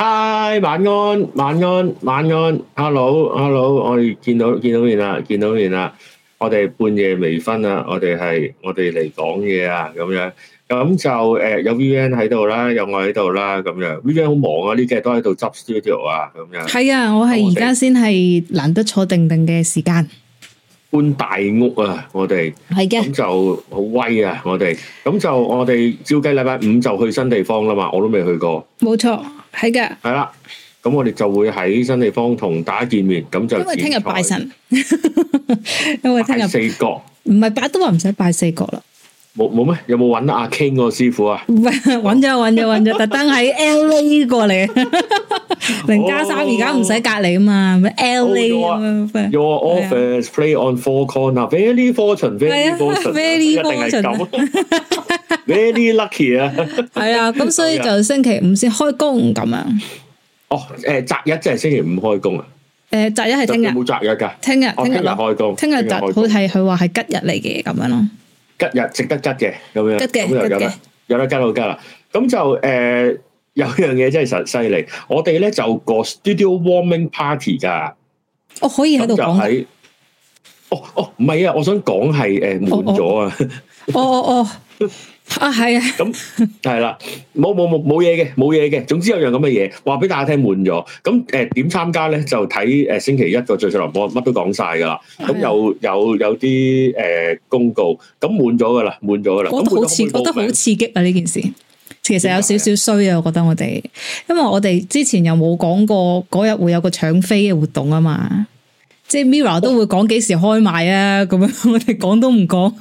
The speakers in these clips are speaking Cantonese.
Hi，晚安，晚安，晚安。Hello，Hello，我哋見到見到面啦，見到面啦。我哋半夜微醺啊，我哋係我哋嚟講嘢啊，咁樣。咁就誒有 VVN 喺度啦，有我喺度啦，咁樣。VVN 好忙啊，呢幾日都喺度執 studio 啊，咁樣。係啊，我係而家先係難得坐定定嘅時間。搬大屋啊，我哋係嘅，咁就好威啊，我哋咁就我哋照計禮拜五就去新地方啦嘛，我都未去過，冇錯。係噶，係啦，咁我哋就會喺新地方同大家見面，咁就因為聽日拜神，因為聽日四角，唔係，大家都話唔使拜四角啦。冇冇咩？有冇揾阿 King 嗰個師傅啊？揾咗，揾咗，揾咗，特登喺 LA 過嚟。零加三而家唔使隔離啊嘛？咩 LA 啊？Your office play on four corner, very fortunate, very fortunate, very fortunate。very lucky 啊，係啊，咁所以就星期五先開工咁樣。哦，誒，擇日即係星期五開工啊。誒，擇日係聽日冇擇日噶，聽日聽日開工，聽日好係佢話係吉日嚟嘅咁樣咯。吉日值得吉嘅咁樣，吉嘅咁有得有得吉到吉啦。咁就誒有一樣嘢真係神犀利，我哋咧就個 studio warming party 噶。哦，可以喺度講。哦哦，唔係啊，我想講係誒滿咗啊。哦哦。啊，係啊，咁係啦，冇冇冇冇嘢嘅，冇嘢嘅。總之有樣咁嘅嘢，話俾大家聽滿咗咁誒，點參、呃、加咧就睇誒、呃、星期一嘅、呃、最上流播，乜都講晒噶啦。咁、啊、有有有啲誒、呃、公告，咁滿咗噶啦，滿咗噶啦。我都覺得好刺激啊！呢件事其實有少少衰啊，我覺得我哋，啊、因為我哋之前又冇講過嗰日會有個搶飛嘅活動啊嘛。即係 Mirror 都會講幾時開賣啊，咁我樣我哋講都唔講。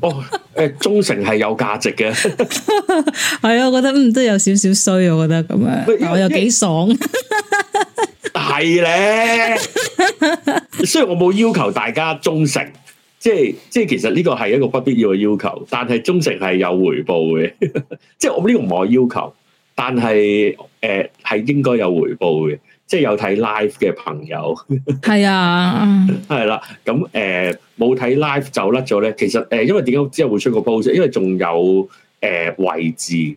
哦，誒、呃，忠誠係有價值嘅，係啊， 我覺得嗯都有少少衰，我覺得咁樣，嗯、我又幾爽這。係咧， 雖然我冇要求大家忠誠，即係即係其實呢個係一個不必要嘅要求，但係忠誠係有回報嘅，即係我呢個唔係要求，但係誒係應該有回報嘅。即係有睇 live 嘅朋友，係啊，係啦， 咁誒冇、呃、睇 live 就甩咗咧。其實誒、呃，因為點解之後會出個報啫？因為仲有誒、呃、位置，位置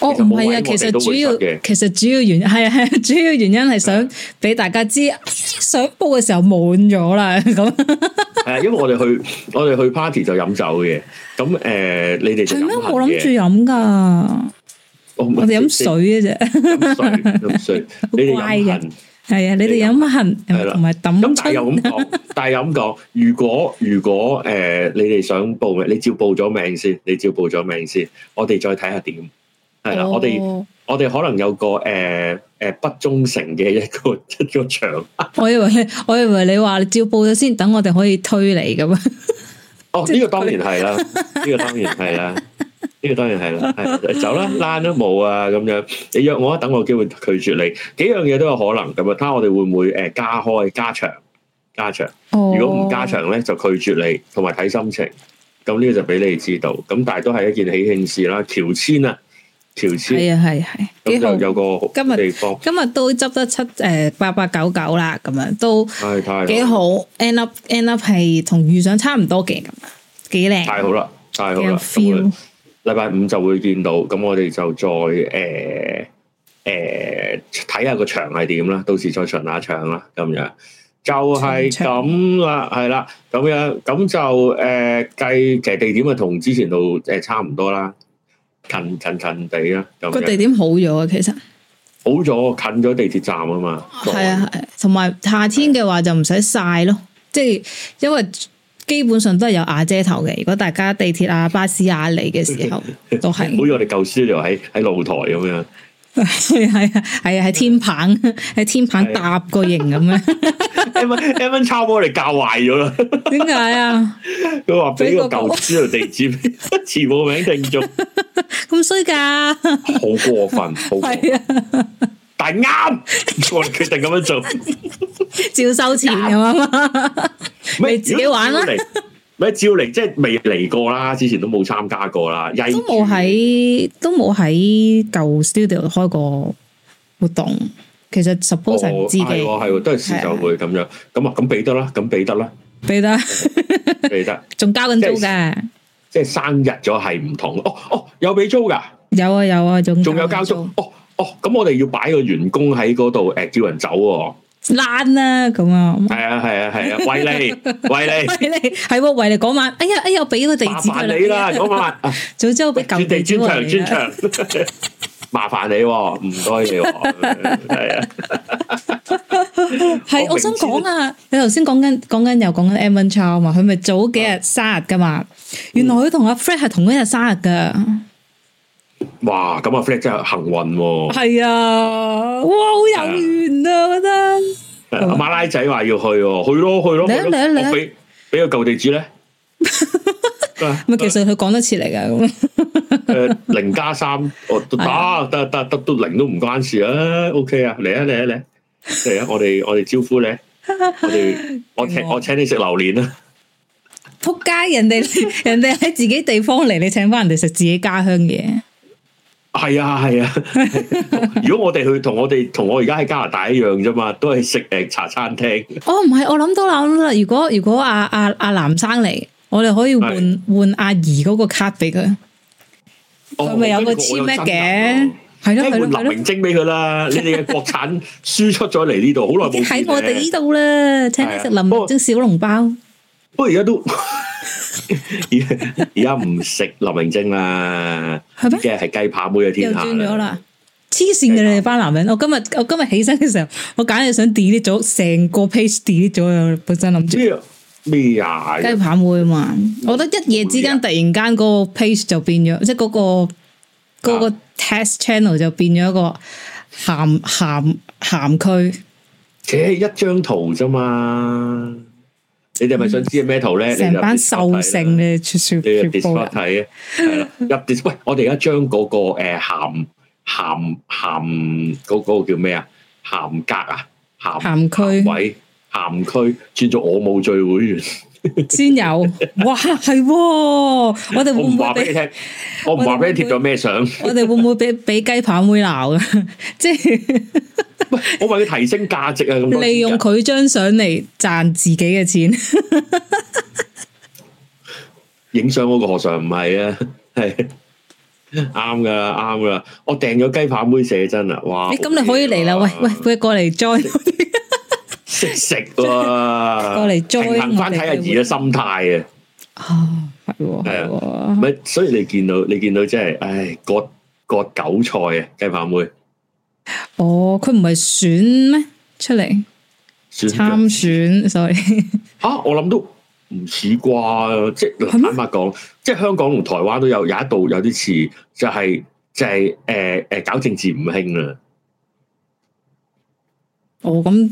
哦唔係啊，其實主要其實主要原因係係主要原因係想俾大家知， 想報嘅時候滿咗啦。咁因為我哋去 我哋去 party 就飲酒嘅，咁誒、呃，你哋做咩冇諗住飲噶？我哋飲水嘅啫，飲水飲水，水你哋飲人，係啊，你哋飲恨係啦，同埋抌咁，但又咁講，但又咁講。如果如果誒、呃，你哋想報名，你照報咗名先，你照報咗名先，我哋再睇下點。係啦、oh.，我哋我哋可能有個誒誒、呃呃、不忠誠嘅一個一個場 我。我以為我以為你話照報咗先，等我哋可以推你噶嘛？哦，呢、這個當然係啦，呢 個當然係啦。這個呢個當然係啦、 哎，走啦爛都冇啊咁樣。你約我，等我機會拒絕你，幾樣嘢都有可能。咁啊，睇下我哋會唔會誒加開、加長、加長。哦、如果唔加長咧，就拒絕你，同埋睇心情。咁、這、呢個就俾你哋知道。咁但係都係一件喜慶事啦。喬遷啊，喬遷係啊係係幾好，有個地方今日今日都執得七誒、呃、八八九九啦，咁樣都係、哎、太幾好。好啊、end up end up 係同預想差唔多嘅咁樣，幾靚。太好啦，太好啦。禮拜五就會見到，咁我哋就再誒誒睇下個場係點啦，到時再巡下場啦，咁樣，就係樣，樣，樣，樣就係咁啦，係、呃、啦，咁樣咁就誒計其實地點啊同之前度即係差唔多啦，近近近地啊，個地點好咗啊，其實好咗近咗地鐵站啊嘛，係啊同埋夏天嘅話就唔使曬咯，即係係啊因為。基本上都係有瓦遮頭嘅，如果大家地鐵啊、巴士啊嚟嘅時候，都係 好似我哋舊書就喺喺露台咁樣，係係係啊，係、啊、天棚係天棚搭個型咁樣。阿文叉波，你教壞咗啦？點解啊？佢話俾個舊書地氈，詞庫 名定俗，咁衰㗎，好過分，好 大啱，我決定咁樣做，照收錢咁啊嘛，咪自己玩啦，咪照嚟，即係未嚟過啦，之前都冇參加過啦，都冇喺都冇喺舊 studio 開過活動，其實 support 唔知係係都係時就會咁樣，咁啊咁俾得啦，咁俾得啦，俾得俾得，仲交緊租嘅，即係生日咗係唔同哦哦，有俾租噶，有啊有啊，仲仲有交租哦。哦，咁我哋要擺個員工喺嗰度，誒，叫人走，爛啦，咁啊，係啊，係啊，係啊，喂你，喂你，喂你，係喎，喂你嗰晚，哎呀，哎呀，我俾個地址你啦，嗰晚，早知我俾，絕地專場專場，麻煩你，唔該你，係啊，係，我想講啊，你頭先講緊，講緊又講緊，Emmanuel 嘛，佢咪早幾日生日噶嘛，原來佢同阿 Fred 係同一日生日噶。哇，咁阿 f r e n k 真係幸運喎！係啊，哇，好有緣啊，我覺得。馬拉仔話要去，去咯，去咯，我俾俾個舊地址咧。咁其實佢講多次嚟噶，咁。誒，零加三，我打得得得，都零都唔關事啊。OK 啊，嚟啊嚟啊嚟，嚟啊！我哋我哋招呼你，我哋我請我請你食榴蓮啊，仆街，人哋人哋喺自己地方嚟，你請翻人哋食自己家鄉嘢。係啊，係啊，是啊 如果我哋去同我哋同我而家喺加拿大一樣啫嘛，都係食誒茶餐廳。哦，唔係，我諗到諗啦，如果如果阿阿阿林生嚟，我哋可以換換的阿怡嗰個卡俾佢，佢咪、哦、有個簽名嘅，係咯，佢換林明晶俾佢啦。 你哋嘅國產輸出咗嚟呢度，好耐冇喺我哋呢度啦，請你食林明晶小籠包。不過而家都而家唔食林明禎啦，係咩？即係雞扒妹嘅天下，又轉咗啦。黐線嘅你哋班男人！我今日我今日起身嘅時候，我簡直想 delete 咗成個 page，delete 咗。我本身諗住咩呀？雞扒妹啊嘛！我覺得一夜之間突然間嗰個 page 就變咗，即係嗰個嗰個 test channel 就變咗一個鹹鹹鹹區。只係一張圖啫嘛。你哋係咪想知咩圖咧？嗯、你班成班獸性咧出書出波啦，入 dis 喂的， 我哋而家將嗰個誒咸咸咸嗰嗰個叫咩啊？咸、哎、格啊，咸區位咸區，轉做區我冇聚會員。先有，哇，係、哦，我哋會唔會話俾你聽？我唔話俾你貼咗咩相？我哋會唔會俾俾雞扒妹鬧嘅？ 即係，我為佢提升價值啊！咁利用佢張相嚟賺自己嘅錢，影相嗰個何嘗唔係啊，係，啱噶，啱噶，我訂咗雞扒妹寫真啦，哇！咁、欸啊、你可以嚟啦，喂喂，佢過嚟再即。我食喎，平衡翻睇下而嘅心態啊。係係咪？所以你見到你見到，即、就、係、是，唉、哎，割割韭菜啊。雞排妹、妹。哦，佢唔係選咩出嚟參選、了參選，sorry。 啊、我諗都唔似啩，即係坦白講，嗎即係香港同台灣都有有一度有啲似，就係、是、就係誒誒搞政治唔興啊。哦，咁。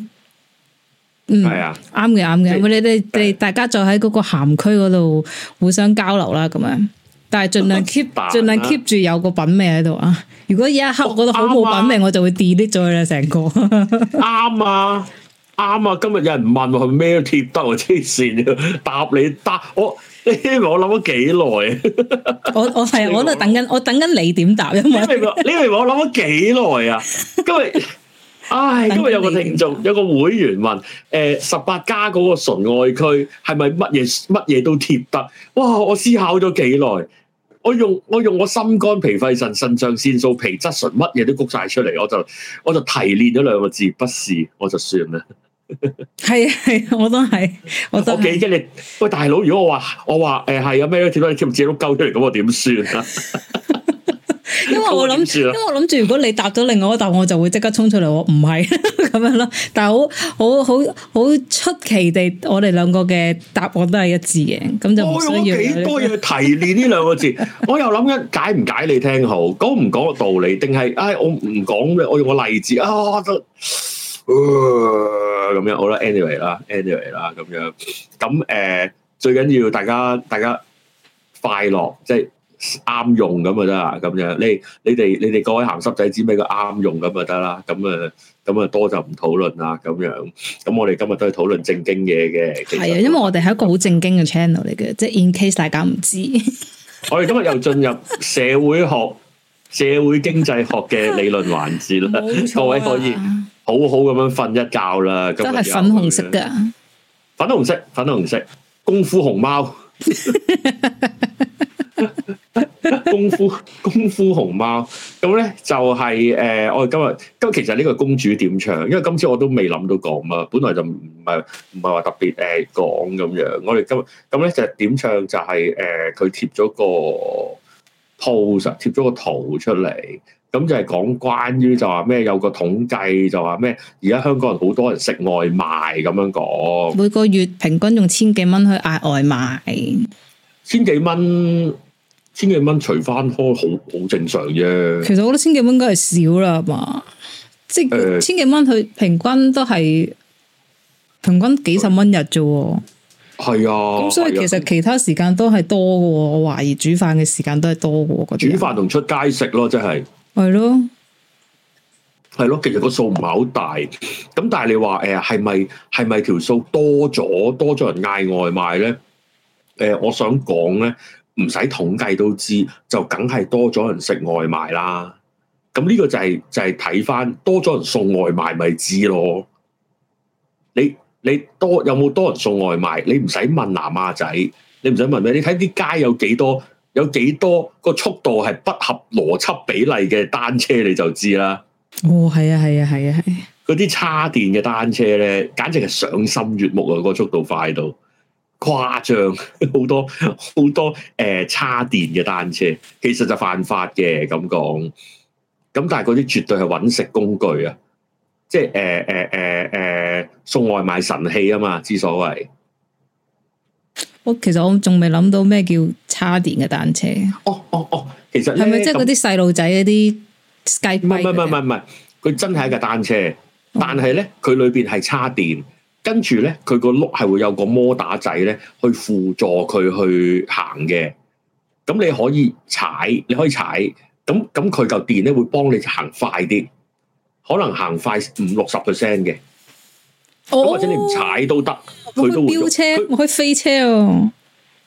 嗯，係啊，啱嘅，啱嘅，果你哋哋大家就喺嗰個鹹區嗰度互相交流啦，咁樣，但係盡量 keep 盡、啊、量 keep 住有個品味喺度啊！如果一刻覺得好冇品味，哦啊、我就會 delete 咗佢啦，成個。啱啊，啱啊！今日有人問話咩鐵得我黐線，答你答我，呢位、啊、我諗咗幾耐。我我係我都等緊，我等緊你點答，因為呢位我諗咗幾耐啊，今日。唉，今日有個聽眾，有個會員問：誒、欸，十八加嗰個純愛區係咪乜嘢乜嘢都貼得？哇！我思考咗幾耐，我用我用我心肝脾肺腎腎上腺素皮質醇乜嘢都谷晒出嚟，我就我就提煉咗兩個字，不是我就算啦。係啊係，我都係，我都。我記憶你喂大佬，如果我話我話誒係啊，咩都貼到你貼到自己都鳩出嚟咁，我點、欸、算？ 因為我諗，啊、因為我諗住如果你答咗另外一答案，我就會即刻衝出嚟，我唔係咁樣咯。但係好好好好出奇地，我哋兩個嘅答案都係一致嘅，咁就唔需要。哎、幾多嘢提煉呢兩個字？ 我又諗緊解唔解你聽好，講唔講個道理，定係唉我唔講咩，我用個例子啊咁、啊呃、樣好啦。Anyway 啦，Anyway 啦，咁樣。咁誒、呃，最緊要大家大家快樂，即、就、係、是。啱用咁啊得啊，咁樣你你哋你哋各位鹹濕仔，知唔知佢啱用咁啊得啦，咁啊咁啊多就唔討論啦，咁樣，咁我哋今日都係討論正經嘢嘅。係啊，因為我哋係一個好正經嘅 channel 嚟嘅，即係 in case 大家唔知道。我哋今日又進入社會學、 社會經濟學嘅理論環節啦，啊、各位可以好好咁樣瞓一覺啦。都係粉紅色嘅、啊，粉紅色，粉紅色，功夫熊貓。 功夫功夫熊貓咁咧就係、是、誒、呃、我哋今日咁，其實呢個公主點唱，因為今次我都未諗到講啦，本來就唔係唔係話特別誒講，咁樣我哋今日咁咧就點唱就係誒，佢貼咗個 post 貼咗個圖出嚟，咁就係講關於就話咩有個統計，就話咩而家香港人好多人食外賣咁樣講，每個月平均用千幾蚊去嗌外賣千幾蚊。千幾蚊除翻開，好好正常啫。其實我覺得千幾蚊應該係少啦嘛，即係、呃、千幾蚊，佢平均都係平均幾十蚊日啫。係、嗯嗯、啊，咁所以其實其他時間都係多嘅。啊、我懷疑煮飯嘅時間都係多嘅。煮飯同出街食咯，真係係咯，係咯。其實個數唔係好大。咁但係你話誒，係咪係咪條數多咗？多咗人嗌外賣咧？誒、呃，我想講咧。唔使統計都知，就梗係多咗人食外賣啦。咁呢個就係就係睇翻多咗人送外賣咪知咯。你你多有冇多人送外賣？你唔使問男媽仔，你唔使問咩？你睇啲街有幾多有幾多個速度係不合邏輯比例嘅單車你就知啦。哦，係啊，係啊，係啊，係。嗰啲叉電嘅單車咧，簡直係賞心悅目啊！嗰個速度快到～誇張好多好多誒，叉電嘅單車其實就犯法嘅。咁講，咁但係嗰啲絕對係揾食工具啊，即係誒誒誒誒送外賣神器啊嘛，之所謂。我其實我仲未諗到咩叫叉電嘅單車。哦哦哦，其實係咪即係嗰啲細路仔嗰啲？唔係唔係唔係唔係，佢真係一架單車，哦、但係咧佢裏邊係叉電。跟住咧，佢個轆係會有個摩打仔咧，去輔助佢去行嘅。咁你可以踩，你可以踩。咁咁佢嚿電咧會幫你行快啲，可能行快五六十 percent 嘅。咁、哦、或者你唔踩都得。佢可以飆、哦、車，它我可以飛車哦。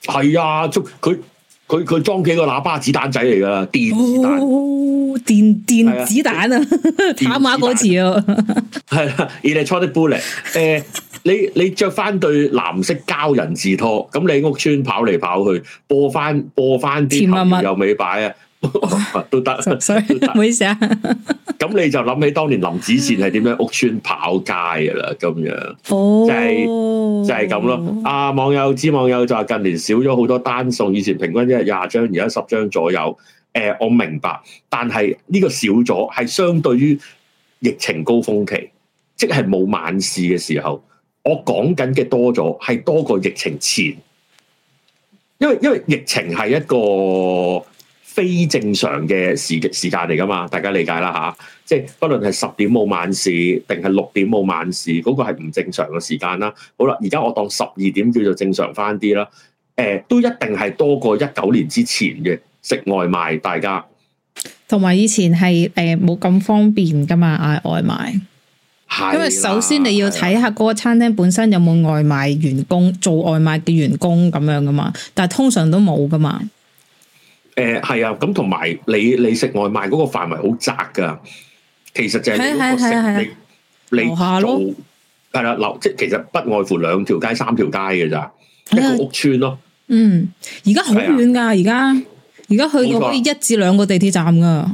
係啊，佢佢佢佢裝幾個喇叭子彈仔嚟㗎啦，電子彈、哦、電電子彈啊，坦馬嗰次啊。係啦，electric bullet。誒。 你你著翻對藍色膠人字拖，咁你屋村跑嚟跑去，播翻播翻啲朋友又尾擺啊，哦、 都得以，唔 sorry, 好意思啊。咁你就諗起當年林子善係點樣屋村跑街噶啦，咁樣，哦、就係、是、就係咁咯。啊，網友知網友就話近年少咗好多單送，以前平均一日廿張，而家十張左右。誒、呃，我明白，但係呢個少咗係相對於疫情高峰期，即係冇晚市嘅時候。我講緊嘅多咗，係多過疫情前，因為因為疫情係一個非正常嘅時時間嚟㗎嘛，大家理解啦嚇、啊。即係，不論係十點冇晚市定係六點冇晚市，嗰、那個係唔正常嘅時間啦。好啦，而家我當十二點叫做正常翻啲啦。誒、欸，都一定係多過一九年之前嘅食外賣，大家。同埋以前係誒冇咁方便㗎嘛，嗌外賣。因為首先你要睇下嗰個餐廳本身有冇外賣員工做外賣嘅員工咁樣噶嘛，但係通常都冇噶嘛。誒，係啊，咁同埋你你食外賣嗰個範圍好窄噶，其實就係你嗰個食你你做係啦，嗱，即係其實不外乎兩條街、三條街嘅咋，一個屋村咯。嗯，而家好遠噶，而家而家去到可以一至兩個地鐵站噶。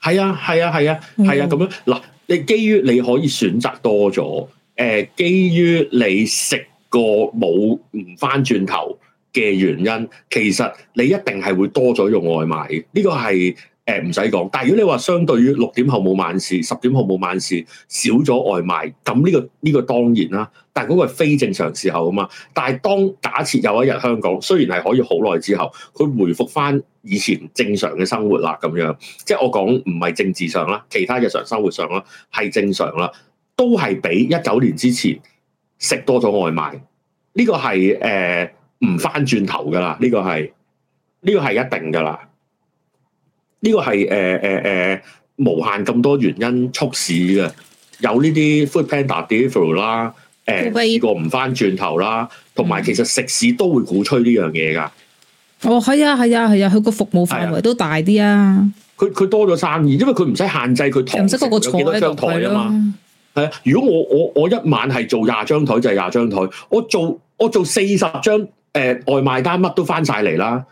係啊，係啊，係啊，係啊，咁樣嗱。你基於你可以選擇多咗、呃，基於你食過冇唔翻轉頭嘅原因，其實你一定係會多咗用外賣，呢個係呃，唔使講。但如果你話相對於六點後冇晚市、十點後冇晚市，少咗外賣，咁呢個呢個當然啦。但嗰個係非正常時候啊嘛！但係當假設有一日香港雖然係可以好耐之後，佢回復翻以前正常嘅生活啦，咁樣即係我講唔係政治上啦，其他日常生活上啦，係正常啦，都係比一九年之前食多咗外賣，呢個係誒唔翻轉頭噶啦，呢個係呢個係一定噶啦，呢個係誒誒誒無限咁多原因促使嘅，有呢啲 Foodpanda delivery 啦。誒，呢個唔翻轉頭啦，同埋其實食肆都會鼓吹呢樣嘢噶。哦，係啊，係啊，係啊，佢個服務範圍都大啲啊。佢佢、啊、多咗生意，因為佢唔使限制佢堂食嗰個坐幾多張台啊嘛。係啊的，如果我我我一晚係做廿張台就廿、是、張台，我做我做四十張，誒、呃，外賣單乜都翻晒嚟啦。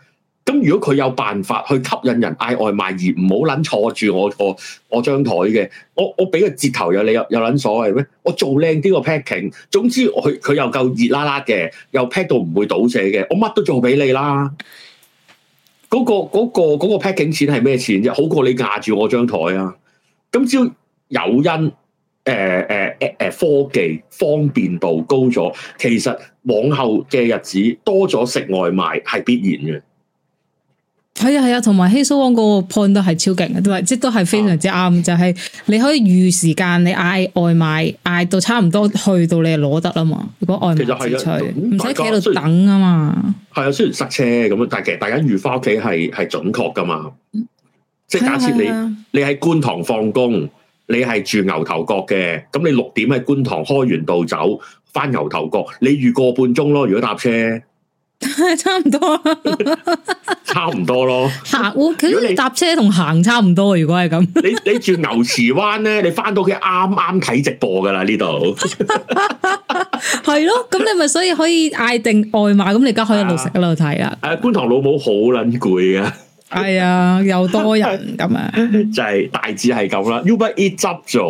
咁如果佢有辦法去吸引人嗌外賣，而唔好撚坐住我個我張台嘅，我我俾個折頭有你有有撚所謂咩？我做靚啲個 packing，總之佢佢又夠熱辣辣嘅，又 pack 到唔會倒瀉嘅，我乜都做俾你啦。嗰個嗰個嗰個 packing 錢係咩錢啫？好過你壓住我張台啊！咁只要有因，誒誒誒誒科技方便度高咗，其實往後嘅日子多咗食外賣係必然嘅。係啊係啊，同埋希蘇旺個 point 都係超勁，都係即都係非常之啱。就係你可以預時間，你嗌外賣嗌到差唔多去到你又攞得啦嘛。如果外賣其實係啊，唔使企喺度等啊嘛。係啊，雖然塞車咁樣，但係其實大家預翻屋企係係準確噶嘛。即係假設你的你喺觀塘放工，你係住牛頭角嘅，咁你六點喺觀塘開源道走翻牛頭角，你預個半鐘咯。如果搭車。 差唔多， 差唔多咯行、啊。行，其實你搭車同行，行差唔多。如果係咁，你你住牛池灣咧，你翻到屋企啱啱睇直播噶啦呢度。係咯，咁你咪所以可以嗌定外賣，咁 你而家可以一路食一路睇啦。誒、啊，觀塘老母好撚攰啊！係啊，又多人咁啊，就係大致係咁啦。Uber Eats 執咗，誒，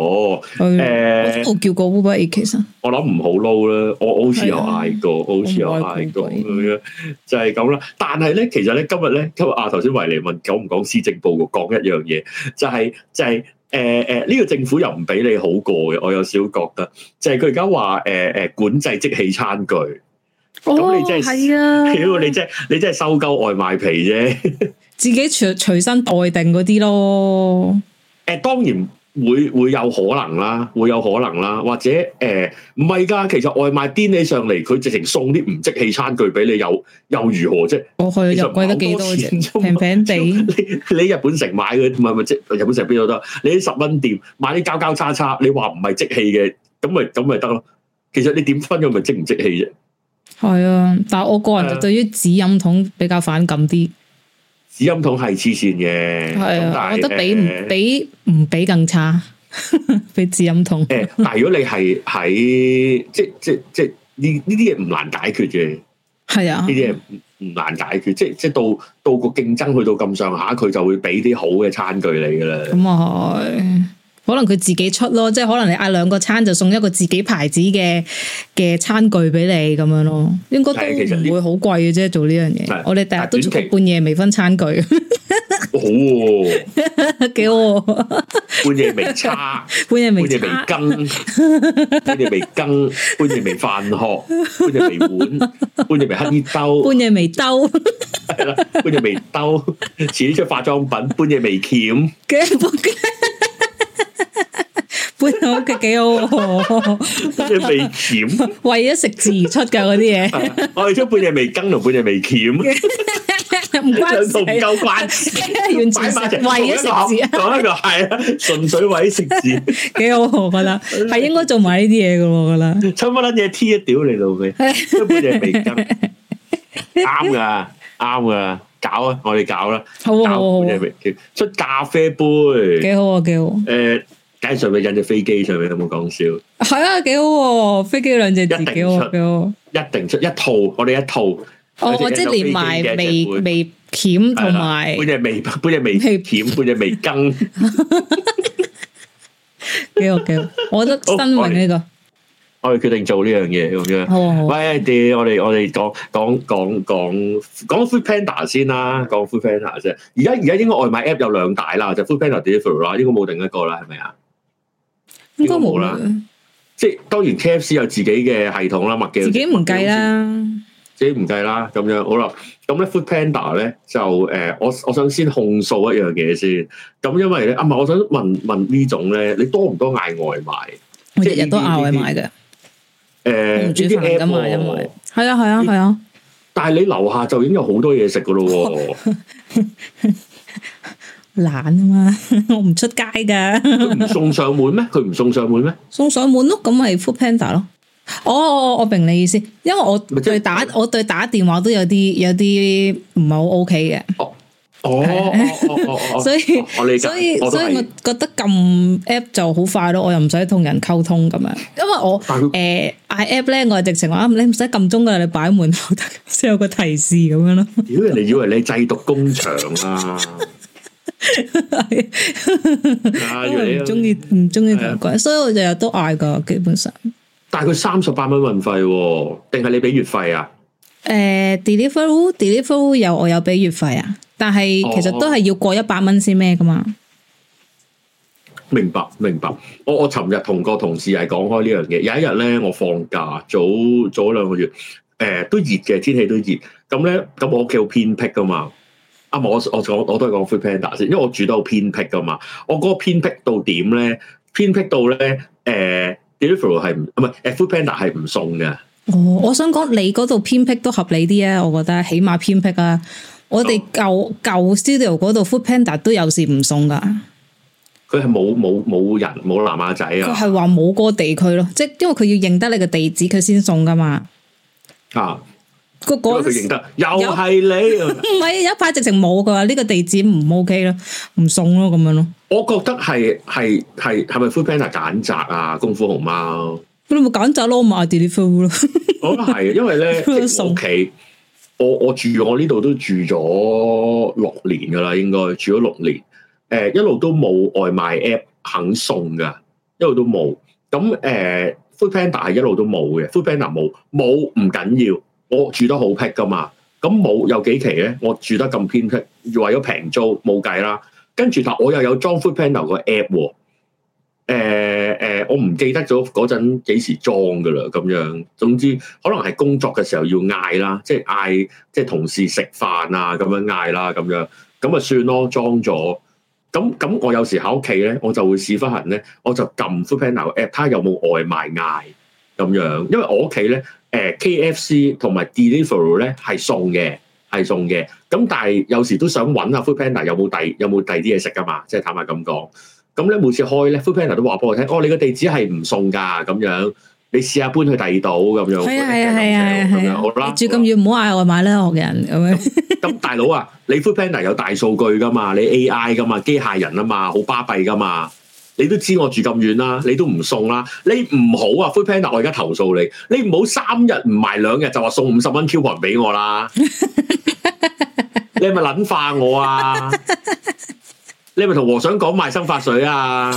我冇叫過 Uber Eats，其實我諗唔好撈啦。我我好似有嗌過，我好似有嗌過咁樣，就係咁啦。但係咧，其實咧今日咧，今日啊，頭先維尼問講唔講施政報告，講一樣嘢，就係就係誒誒，呢個政府又唔俾你好過嘅，我有少少覺得，就係佢而家話誒誒，管制即棄餐具，咁你即係，屌你即係，你即係收鳩外賣皮啫。自己隨隨身待定嗰啲咯。誒、呃，當然會會有可能啦，會有可能啦。或者誒，唔係噶，其實外賣癲起上嚟，佢直情送啲唔即棄餐具俾你，又又如何啫？我去又貴得幾多錢？平平地。你你日本城買嗰啲，唔係即日本城邊度得？你啲十蚊店買啲交交叉叉，你話唔係即棄嘅，咁咪咁咪得咯？其實你點分佢咪即唔即棄啫？係啊，但我個人的對於紙飲筒比較反感啲。紙飲筒係黐線嘅，的是我覺得比唔唉比唔比更差， 比紙止飲筒。誒，但是如果你係喺即即即呢呢啲嘢唔難解決嘅，係啊的，呢啲嘢唔難解決，的即即到到個競爭去到咁上下，佢就會俾啲好嘅餐具你噶啦。咁啊係。可能佢自己出咯，即係可能你嗌兩個餐就送一個自己牌子嘅嘅餐具俾你咁樣咯，應該都唔會好貴嘅啫。做呢樣嘢，我哋第日都做半夜微分餐具。好，幾好。半夜微叉，半夜微叉，半夜微羹，半夜微羹，半夜微飯殼，半夜微碗，半夜微乞衣兜，半夜微兜，係啦，半夜微兜，遲啲出化妝品，半夜微鉗。半日屋企幾好，半日未檢，為咗食字而出嘅嗰啲嘢，我哋出半隻未更同半隻未檢，兩套唔夠關，為咗食字，講得就係啦，純粹為咗食字，幾好我覺得，係應該做埋呢啲嘢嘅，我覺得，出乜撚嘢 t 一屌嚟到咪，半隻未更，啱噶，啱噶。搞啊！我哋搞啦，好搞，出咖啡杯，幾好啊！幾好誒，街上面印隻飛機，上面有冇講笑？係啊，幾好，飛機兩隻字，一定出，一定出一套，我哋一套。哦，我即係連埋微微醺同埋，半隻微半隻微醺，半隻微羹，幾好幾好，我覺得新穎呢個。我哋決定做呢樣嘢咁樣，對對對喂，我哋我哋講講講講講 Foodpanda 先啦，講 Foodpanda 先。而家而家應該外賣 app 有兩大啦，就是，Foodpanda 同 Delivery 啦，應該冇定一個啦，係咪啊？應該冇啦。即係當然 KFC 有自己嘅系統啦，麥記自己唔計啦，自己唔計啦。咁樣好啦，咁咧 Foodpanda 咧就誒、呃，我我想先控訴一樣嘢先。咁因為咧，阿、啊、m 我想問問呢種咧，你多唔多嗌外賣？我日日都嗌外賣嘅。些誒，唔止啲 app 因為係啊，係啊，係啊，但係你樓下就已經有好多嘢食噶咯喎，懶啊、哦、嘛，我唔出街噶，佢唔送上門咩？佢唔送上門咩？送上門咯，咁咪 Foodpanda 咯。哦，我，我明你意思，因為我對打，我對打電話都有啲有啲唔係好 OK 嘅。哦，所以我所以我所以我覺得撳 app 就好快咯，我又唔使同人溝通咁樣，因為我誒嗌、 uh, app 咧，我係直情話，你唔使撳鐘噶，你擺門口得，先有個提示咁樣咯。如果人哋以為你製毒工場啊？我唔中意，唔中意咁鬼，uh, 所以我日日都嗌噶，基本上。大概三十八蚊運費，定係你俾月費啊？誒、uh, deliver, deliver 有我有俾月費啊？但係其實都係要過一百蚊先咩噶嘛、哦？明白明白，我我尋日同個同事係講開呢樣嘢。有一日咧，我放假早早兩個月，誒、呃、都熱嘅天氣都熱。咁咧咁我屋企好偏僻噶嘛？啱、啊、我我講我,我都講 Foodpanda 先，因為我住得好偏僻噶嘛。我嗰個偏僻到點咧？偏僻到咧？誒，delivery 係唔唔係？誒，Foodpanda 係唔送嘅。哦，我想講你嗰度偏僻都合理啲啊，我覺得起碼偏僻啊。我哋舊舊 studio 嗰度 food panda 都有時唔送噶，佢係冇冇冇人冇南亞仔啊！佢係話冇個地區咯，即係因為佢要認得你個地址才、那個，佢先送噶嘛。啊，佢講佢認得，又係你，唔係 有一排直情冇佢話呢個地址唔 OK 咯，唔送咯咁樣咯。我覺得係係係係咪 food panda 揀擇啊？功夫熊貓，你咪揀擇咯，唔 delivery 咯。我覺得係，因為咧屋企。 送我我住我呢度都住咗六年噶啦，應該住咗六年。誒、呃、一路都冇外賣 app 肯送噶，一路都冇。咁誒、呃、Foodpanda 係一路都冇嘅，Foodpanda 冇冇唔緊要，我住得好僻噶嘛。咁冇有幾期咧，我住得咁偏僻，為咗平租冇計啦。跟住但我又有裝 Foodpanda 個 app 喎、哦。我唔記得咗嗰陣幾時裝嘅啦，咁樣。總之可能係工作嘅時候要嗌啦，即係嗌即係同事食飯啊，咁樣嗌啦，咁樣。咁啊算咯，裝咗。咁咁我有時喺屋企咧，我就會屎忽痕咧，我就撳 Foodpanda app 睇下有冇外賣嗌咁樣。因為我屋企咧，誒、呃、KFC 同埋 Delivery 咧係送嘅，係送嘅。咁但係有時都想揾下 Foodpanda 有冇第有冇第啲嘢食噶嘛，即係坦白咁講。咁咧每次開咧，Foodpanda 都話俾我聽，哦，你個地址係唔送噶咁樣，你試下搬去第二度咁樣，係啊係啊係啊，咁樣好啦。住咁遠唔好嗌外賣啦，學人咁樣。咁大佬啊，你 Foodpanda 有大數據噶嘛，你 AI 噶嘛，機械人啊嘛，好巴閉噶嘛，你都知我住咁遠啦，你都唔送啦，你唔好啊，Foodpanda 我而家投訴你，你唔好三日唔埋兩日就話送五十蚊 coupon 俾我啦，你係咪諗化我啊？你咪同和尚講賣生髮水啊！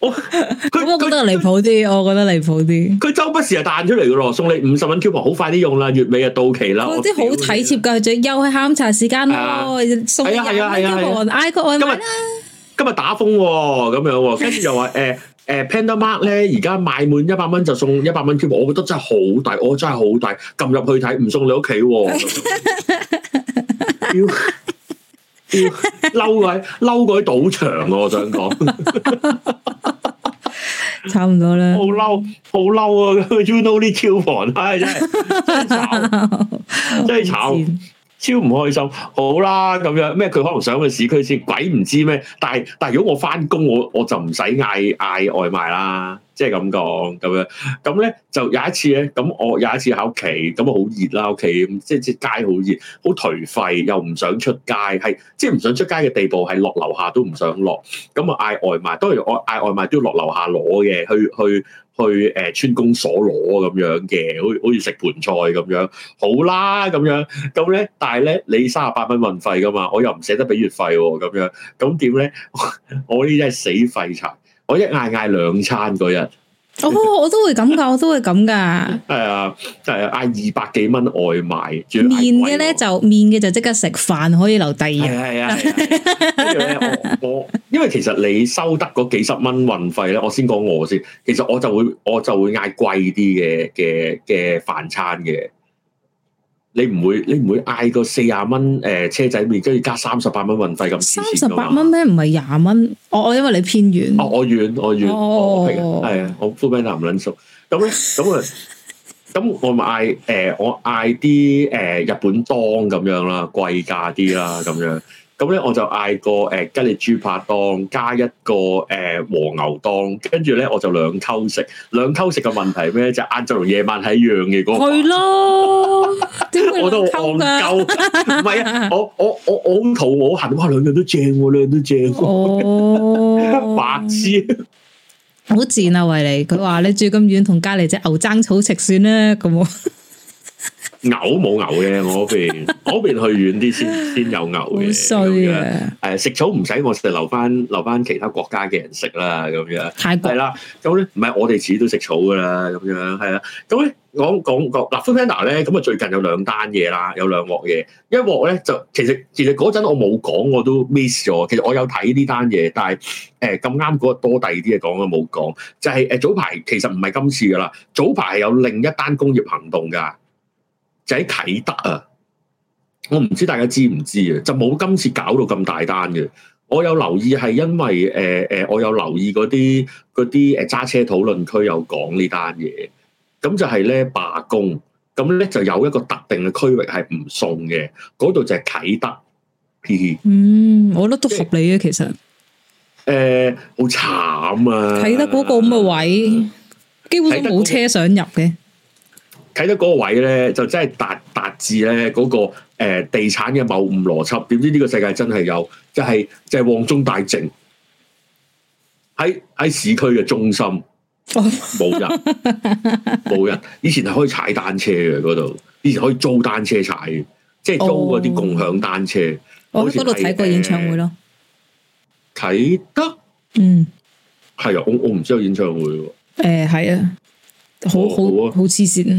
我佢我覺得離譜啲，我覺得離譜啲。佢周不時就彈出嚟噶咯，送你五十蚊 coupon，好快啲用啦！月尾就到期啦。啲好體貼噶，仲有休下午茶時間咯，送廿蚊 coupon 愛國，今日打風咁樣，跟住又話誒誒，Panda Mark 咧，而家買滿一百蚊就送一百蚊 coupon。我覺得真係好抵，我真係好抵。撳入去睇，唔送你屋企。嬲佢，嬲佢啲賭場啊！我想講， 差唔多啦。好嬲， 好嬲啊！佢做多啲超房，唉 you know 真係，真係慘， 真係慘， 超唔開心。好啦，咁樣咩？佢可能想去市區先，鬼唔知咩？但係但係，如果我返工，我我就唔使嗌嗌外賣啦。即係咁講咁樣咁咧就有一次咧，咁我有一次喺屋企，咁啊好熱啦屋企，即係即係街好熱，好、就是、頹廢又唔想出街，係即係唔想出街嘅地步，係落樓下都唔想落，咁啊嗌外賣，當然我嗌外賣都要落樓下攞嘅，去去去誒、呃、村公所攞咁樣嘅，好好似食盤菜咁樣，好啦咁樣咁咧，但係咧你三十八蚊運費噶嘛，我又唔捨得俾月費喎、啊、咁樣，咁點咧？我呢啲係死廢柴。我一嗌嗌兩餐嗰日，哦，我都會咁噶，我都會咁噶，係 啊，係嗌二百幾蚊外賣，麵嘅咧就麵嘅就即刻食飯，可以留低。二，係啊，啊啊啊 我，我因為其實你收得嗰幾十蚊運費咧，我先講我先，其實我就會我就會嗌貴啲嘅嘅嘅飯餐嘅。你唔會，你唔會嗌個四十蚊誒車仔麵，跟住加三十八蚊運費咁。三十八蚊咩？唔係廿蚊。我我、oh, 因為你偏遠。哦，我遠，我遠，係啊、oh. 哦，我 full man 唔卵熟。咁咧，咁啊，咁我咪嗌誒，我嗌啲誒日本檔咁樣啦，貴價啲啦，咁樣。咁咧，我就嗌個誒吉列豬扒檔，加一個誒和牛檔，跟住咧我就兩溝食。兩溝食嘅問題咩？就晏晝同夜晚係一樣嘅嗰個。係咯，我都好憨鳩，唔係啊！我我我我好肚餓，好痕，哇！兩樣都正喎，兩樣都正白痴，好賤啊！維尼，佢話你住咁遠，同隔籬隻牛爭草食算啦，咁我。牛冇牛嘅，我嗰邊嗰 邊去遠啲先先有牛嘅咁樣誒、呃、食草唔使我，留翻留翻其他國家嘅人食啦咁樣。泰國係啦咁咧，唔係我哋自己都食草噶啦咁樣係啦。咁咧講講講嗱，Foodpanda 咧咁啊，最近有兩單嘢啦，有兩鑊嘢。一鑊咧就其實其實嗰陣我冇講，我都 miss 咗。其實我有睇呢單嘢，但係誒咁啱嗰多第二啲嘢講我冇講就係、是、誒、呃、早排其實唔係今次噶啦，早排係有另一單工業行動㗎。就喺啟德啊！我唔知大家知唔知啊，就冇今次搞到咁大單嘅。我有留意，係因為誒誒、呃，我有留意嗰啲嗰啲誒揸車討論區有講呢單嘢，咁就係咧罷工，咁咧就有一個特定嘅區域係唔送嘅，嗰度就係啟德。嘻嘻。嗯，我覺得都服咗你，其實。誒、呃，好慘啊！啟德嗰個咁嘅位，基本都冇車想入嘅。睇得嗰個位咧，就真係達達至咧、那、嗰個、呃、地產嘅謬誤邏輯。點知呢個世界真係有，就係即係旺中帶靜。喺喺市區嘅中心，冇、哦、人冇 人。以前係可以踩單車嘅嗰度，以前可以租單車踩嘅，即係租嗰啲共享單車。哦、我喺嗰度睇過演唱會咯、呃，睇得嗯，係啊，我我唔知有演唱會喎、呃。係啊。好好好黐線啊！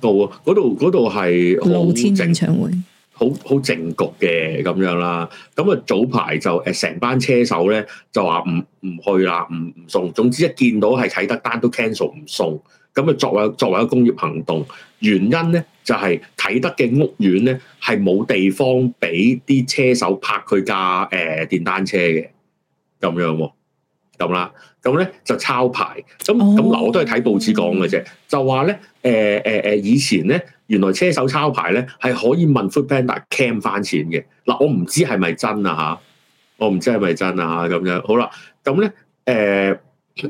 好啊，嗰度嗰度係露天演唱會，好好正局嘅咁樣啦。咁啊，早排就誒，成班車手咧就話唔唔去啦，唔唔送。總之一見到係啟德單都 cancel 唔送。咁啊，作為作為一個工業行動，原因咧就係、係、啟德嘅屋苑咧係冇地方俾啲車手泊佢架誒電單車嘅咁樣，咁啦。咁咧就抄牌，咁咁嗱，我都係睇報紙講嘅啫，哦、就話咧，誒誒誒，以前咧，原來車手抄牌咧係可以問 Foodpanda Cam 翻錢嘅，嗱、呃，我唔知係咪真的啊嚇，我唔知係咪真啊嚇，咁樣好啦，咁咧誒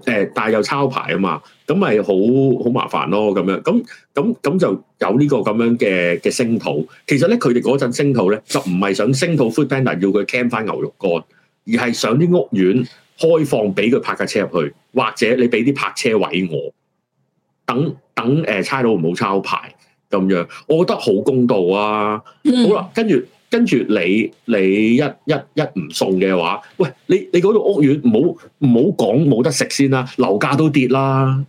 誒，但係又抄牌啊嘛，咁咪好好麻煩咯，咁樣，咁咁咁就有呢個咁樣嘅嘅聲討，其實咧佢哋嗰陣聲討咧就唔係想聲討 Foodpanda 要佢 Cam 翻牛肉乾，而係上啲屋苑。開放俾佢泊架車入去，或者你俾啲泊車位我，等等誒，差佬唔好抄牌咁樣，我覺得好公道啊！嗯、好啦，跟住跟住你你一一一唔送嘅話，喂，你你嗰度屋苑唔好講冇得食先啦，樓價都跌啦，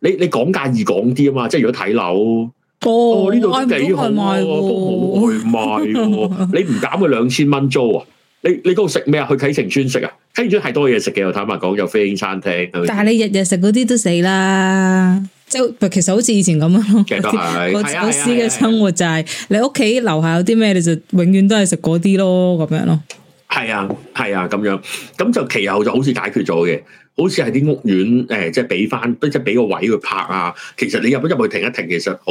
你你講價易講啲啊嘛，即係如果睇樓哦，呢度都幾好啊，是是啊都好去賣喎，啊， 你唔減佢兩千蚊租啊？你你嗰度食咩啊？去啟晴邨食啊？啟晴邨太多嘢食嘅，我坦白講有飛鷹餐廳。但係你日日食嗰啲都死啦，即係其實好似以前咁樣咯。的確我的我嘅生活就係、是、你屋企樓下有啲咩，你就永遠都係食嗰啲咯，咁樣咯。係啊，係啊，咁樣，咁就其後就好似解決咗嘅，好似係啲屋苑誒、欸，即係俾翻，即係俾個位去泊啊。其實你入咗入去停一停，其實好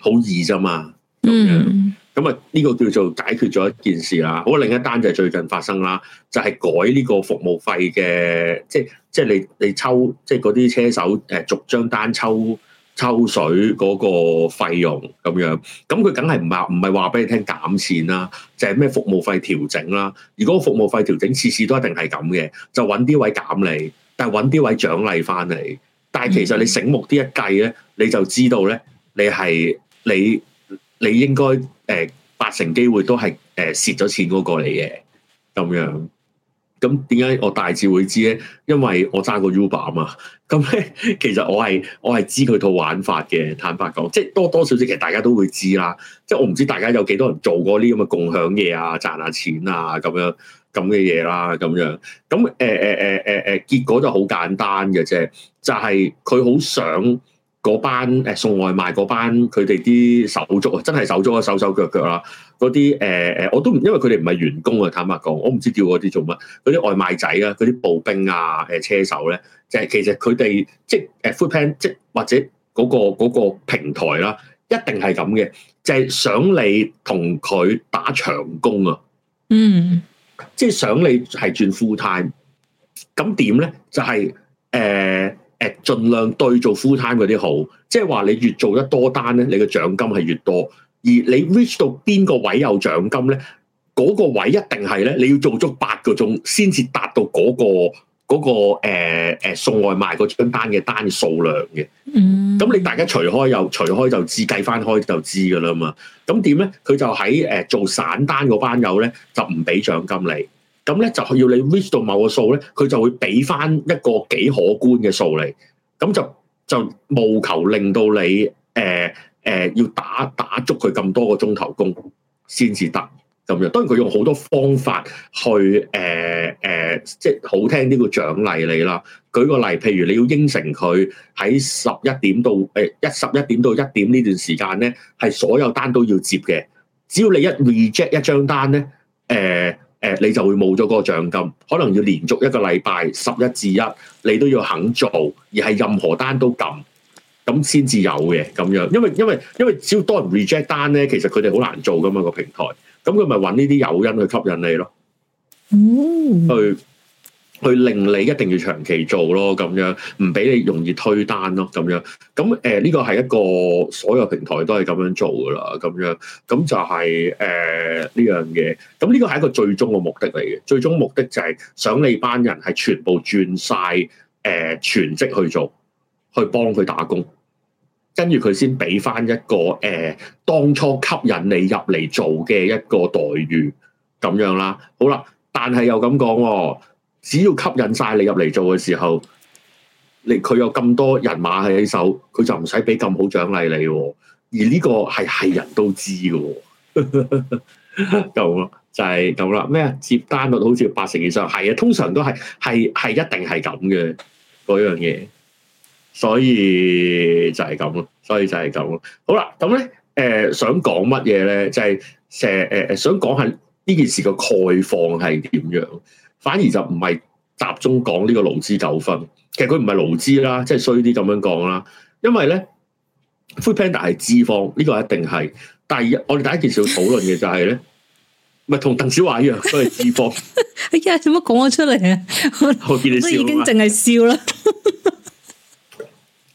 好易啫嘛。咁樣嗯。咁啊，呢個叫做解決咗一件事啦。好，另一單就係最近發生啦，就係改呢個服務費嘅，即即係你你抽，即係嗰啲車手誒逐張單抽抽水嗰個費用咁樣。咁佢梗係唔係唔係話俾你聽減線啦，就係咩服務費調整啦。如果服務費調整次次都一定係咁嘅，就揾啲位減你，但係揾啲位獎勵翻你。但係其實你醒目啲一計咧，你就知道咧，你係你。你應該誒、呃、八成機會都係誒蝕咗錢嗰個嚟嘅，咁樣咁點解我大致會知咧？因為我揸過 Uber 啊嘛，咁咧其實我係我係知佢套玩法嘅，坦白講，即係多多少少其實大家都會知啦。即係我唔知大家有幾多人做過呢啲咁嘅共享嘢啊，賺下錢啊咁樣咁嘅嘢啦，咁樣咁誒誒誒結果就好簡單嘅啫，就係佢好想，嗰班誒送外賣嗰班，佢哋啲手足啊，真係手足啊，手手腳腳啦，嗰啲誒誒，我都唔，因為佢哋唔係員工啊，坦白講，我唔知叫嗰啲做乜，嗰啲外賣仔啦，嗰啲步兵啊，誒車手咧，就係其實佢哋即誒 Foodpanda，即或者嗰個嗰個平台啦，一定係咁嘅，就係想你同佢打長工啊，嗯，即想你係轉 full time，咁點咧？就係誒。誒，盡量對做 full time 嗰啲好，即係話你越做得多單咧，你嘅獎金係越多。而你 reach 到邊個位有獎金咧？嗰個位一定係咧，你要做足八個鐘先至達到嗰個嗰個誒誒送外賣嗰張單嘅單數量嘅。咁你大家除開又除開就自計翻開就知㗎啦嘛。咁點咧？佢就喺誒做散單嗰班友咧，就唔俾獎金你。咁咧就係要你 reach 到某個數咧，佢就會俾翻一個幾可觀嘅數嚟，咁就就務求令到你誒、呃呃、要打打足佢咁多個鐘頭工先至得咁樣。當然佢用好多方法去誒即、呃呃即係、好聽呢個獎勵你啦。舉個例，譬如你要應承佢喺十一點到誒一十一點到一點呢段時間咧，係所有單都要接嘅。只要你一 reject 一張單咧，誒、呃。誒你就會冇咗嗰個獎金，可能要連續一個禮拜十一至一，你都要肯做，而係任何單都撳，咁先至有嘅咁樣。因為因為因為只要多人 reject 單咧，其實佢哋好難做噶嘛個平台，咁佢咪揾呢啲誘因去吸引你咯。去、嗯。去令你一定要長期做咯，咁樣唔俾你容易推單咯，咁樣咁呢、呃呢個係一個所有平台都係咁樣做噶啦，咁樣咁就係誒呢樣嘢。咁呢個係一個最終嘅目的嚟嘅，最終目的就係想你班人係全部轉晒誒全職去做，去幫佢打工，跟住佢先俾翻一個誒、呃、當初吸引你入嚟做嘅一個待遇咁樣啦。好啦，但係又咁講喎。只要吸引晒你入嚟做嘅時候，你佢有咁多人馬喺手，佢就唔使俾咁好獎勵你。而呢個係係人都知嘅， 就就係咁啦。咩接單率好似八成以上，係啊，通常都係，係係一定係咁嘅嗰樣嘢。所以就係咁咯，所以就係咁咯。好啦，咁咧誒想講乜嘢咧？就係誒誒誒想講下呢件事嘅概況係點樣？反而就唔係集中講呢個勞資糾紛，其實佢唔係勞資啦，即係衰啲咁樣講啦。因為咧 Foodpanda 係脂肪，呢個一定係。但係我哋第一件事要討論嘅就係咧，唔係同鄧小華一樣都係脂肪。哎呀，做乜講咗出嚟啊？我，我見你笑都已經淨係笑啦。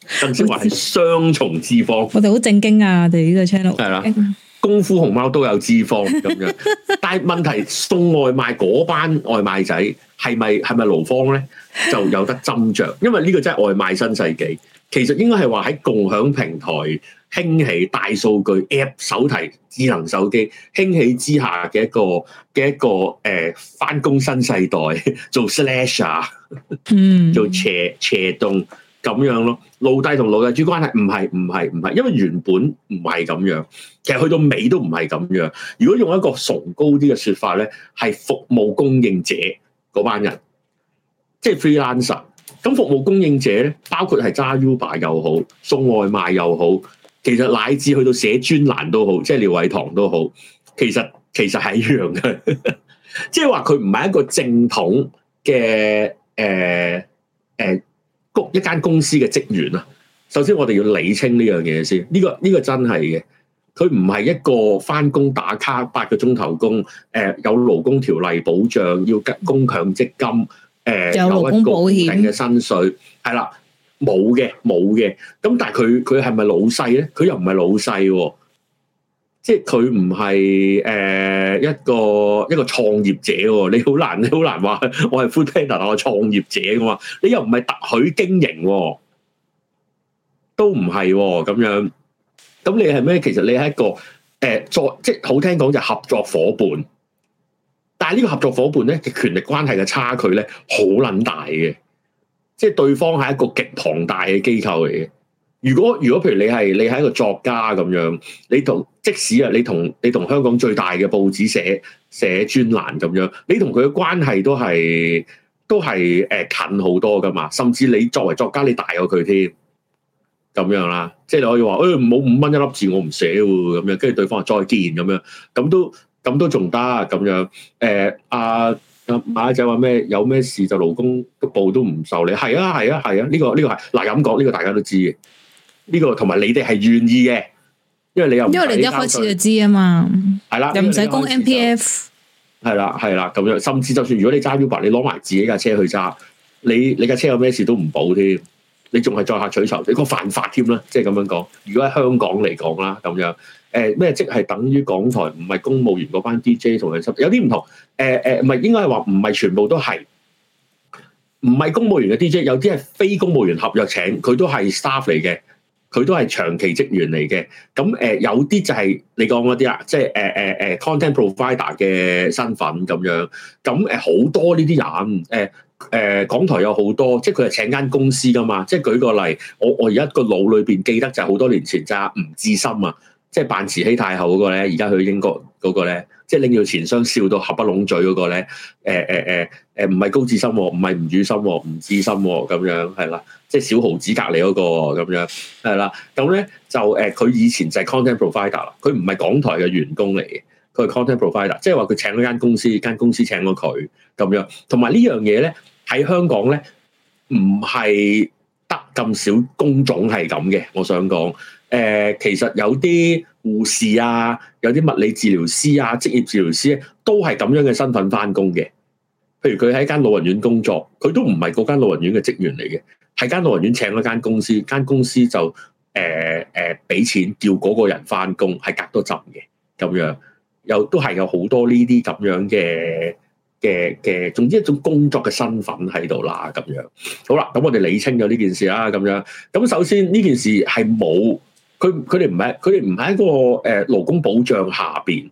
鄧小華係雙重脂肪。我哋好正經啊！我哋呢個 channel。係啦。功夫熊貓都有脂肪咁樣，但係問題送外賣嗰班外賣仔係咪係咪勞方咧就有得斟酌？因為呢個真係外賣新世紀，其實應該係話喺共享平台興起、大數據 App、手提智能手機興起之下嘅一個嘅一個誒，返工新世代做 slasher，嗯，做斜斜動。咁樣咯，奴隸同奴隸主關係唔係唔係唔係，因為原本唔係咁樣，其實去到尾都唔係咁樣。如果用一個崇高啲嘅說法咧，係服務供應者嗰班人，即係 freelancer。咁服務供應者咧，包括係揸 Uber 又好，送外賣又好，其實乃至去到寫專欄都好，即係廖偉棠都好，其實其實係一樣嘅，即係話佢唔係一個正統嘅誒誒。呃呃一間公司嘅職員啊，首先我哋要理清呢樣嘢先。呢、呢個呢、呢個真係嘅，佢唔係一個翻工打卡八個鐘頭工，誒、呃、有勞工條例保障，要供強積金，誒、呃、有勞工保險嘅薪水，係啦，冇嘅冇嘅。咁但係佢佢係咪老細咧？佢又唔係老細喎、啊。即係佢唔係誒一個一個創業者喎、哦，你好難你好難話我係 founder，我係創業者噶嘛？你又唔係特許經營、哦，都唔係咁樣。咁你係咩？其實你係一個誒、呃、作，即係好聽講就合作伙伴。但係呢個合作伙伴咧，嘅權力關係嘅差距咧，好撚大嘅。即係對方係一個極龐大嘅機構嚟嘅。如果如果譬如你係你係一個作家，咁樣，你同即使啊你同，你同香港最大嘅報紙寫寫專欄，咁樣，你同佢嘅關係都係都係誒、欸、近好多噶嘛，甚至你作為作家你大過佢添，咁樣啦，即係你可以話話唔好五蚊一粒字我唔寫喎咁樣，跟住對方話再見咁樣，咁都咁都仲得咁樣誒？阿阿、欸啊、馬仔話咩？有咩事就勞工個報都唔受理，係啊係啊係啊，呢、啊啊啊這個呢、這個係嗱咁講，呢、這個大家都知嘅。呢、這個同埋你哋係願意嘅，因為你又你因為你一開始就知啊嘛，係啦的，又唔使供 MPF 係啦係啦咁樣，甚至就算如果你揸 Uber，你攞埋自己架車去揸，你你架車有咩事都唔保添，你仲係載客取酬，你個犯法添啦，即係咁樣講。如果喺香港嚟講啦，咁樣誒咩、呃，即係等於港台唔係公務員嗰班 DJ 同佢有啲唔同，誒、呃、誒，唔、呃、係應該係話唔係全部都係，唔係公務員嘅 DJ，有啲係非公務員合約請，佢都係 staff 嚟嘅。佢都係長期職員嚟嘅，咁誒、呃、有啲就係、是、你講嗰啲啦，即係誒誒誒 content provider 嘅身份咁樣，咁好、呃、多呢啲人，誒、呃、誒、呃、港台有好多，即係佢係請間公司噶嘛，即係舉個例，我我而家個腦裏面記得就好多年前，就係吳志森啊，即係扮慈禧太后嗰個咧，而家去英國嗰個咧，即係拎住錢箱笑到合不攏嘴嗰個咧，誒、呃、誒、呃呃誒唔係高志森，唔係吳宇森，吳志森咁樣係啦，即係、就是、小豪子隔籬嗰、那個咁樣係啦。咁咧就誒，佢、呃、以前就係 content provider 啦，佢唔係港台嘅員工嚟嘅，佢係 content provider，即係話佢請咗間公司，間公司請咗佢咁樣。同埋呢樣嘢咧，喺香港咧唔係得咁少工種係咁嘅。我想講誒、呃，其實有啲護士啊，有啲物理治療師啊，職業治療師、啊、都係咁樣嘅身份返工嘅。譬如佢喺間老人院工作，佢都唔係嗰間老人院嘅職員嚟嘅，係間老人院請咗間公司，間公司就誒誒俾錢叫嗰個人翻工，係隔多陣嘅咁樣，又都係有好多呢啲咁樣嘅嘅嘅，總之一種工作嘅身份喺度啦，咁樣。好啦，咁我哋理清咗呢件事啦，咁樣。咁首先呢件事係冇，佢佢哋唔係，佢哋唔喺一個誒勞工保障下邊。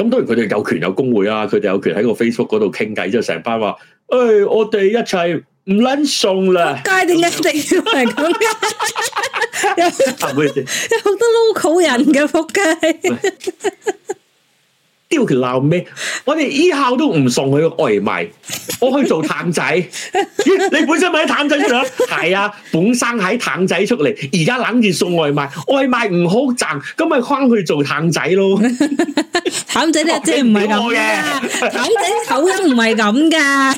咁當然佢哋有權有工會啊。佢哋有權喺個 Facebook 嗰度傾偈，就成班話，誒、哎，我哋一齊唔撚送啦！仆街點解你係咁嘅？ 有好多 local 人嘅仆街。屌佢鬧咩？我哋以後都唔送佢個外賣，我去做探仔。你本身咪喺探仔出嚟？係啊，本身喺探仔出嚟，而家諗住送外賣，外賣唔好賺，咁咪翻去做探仔咯。探仔呢隻唔係咁嘅，探仔醜都唔係咁噶。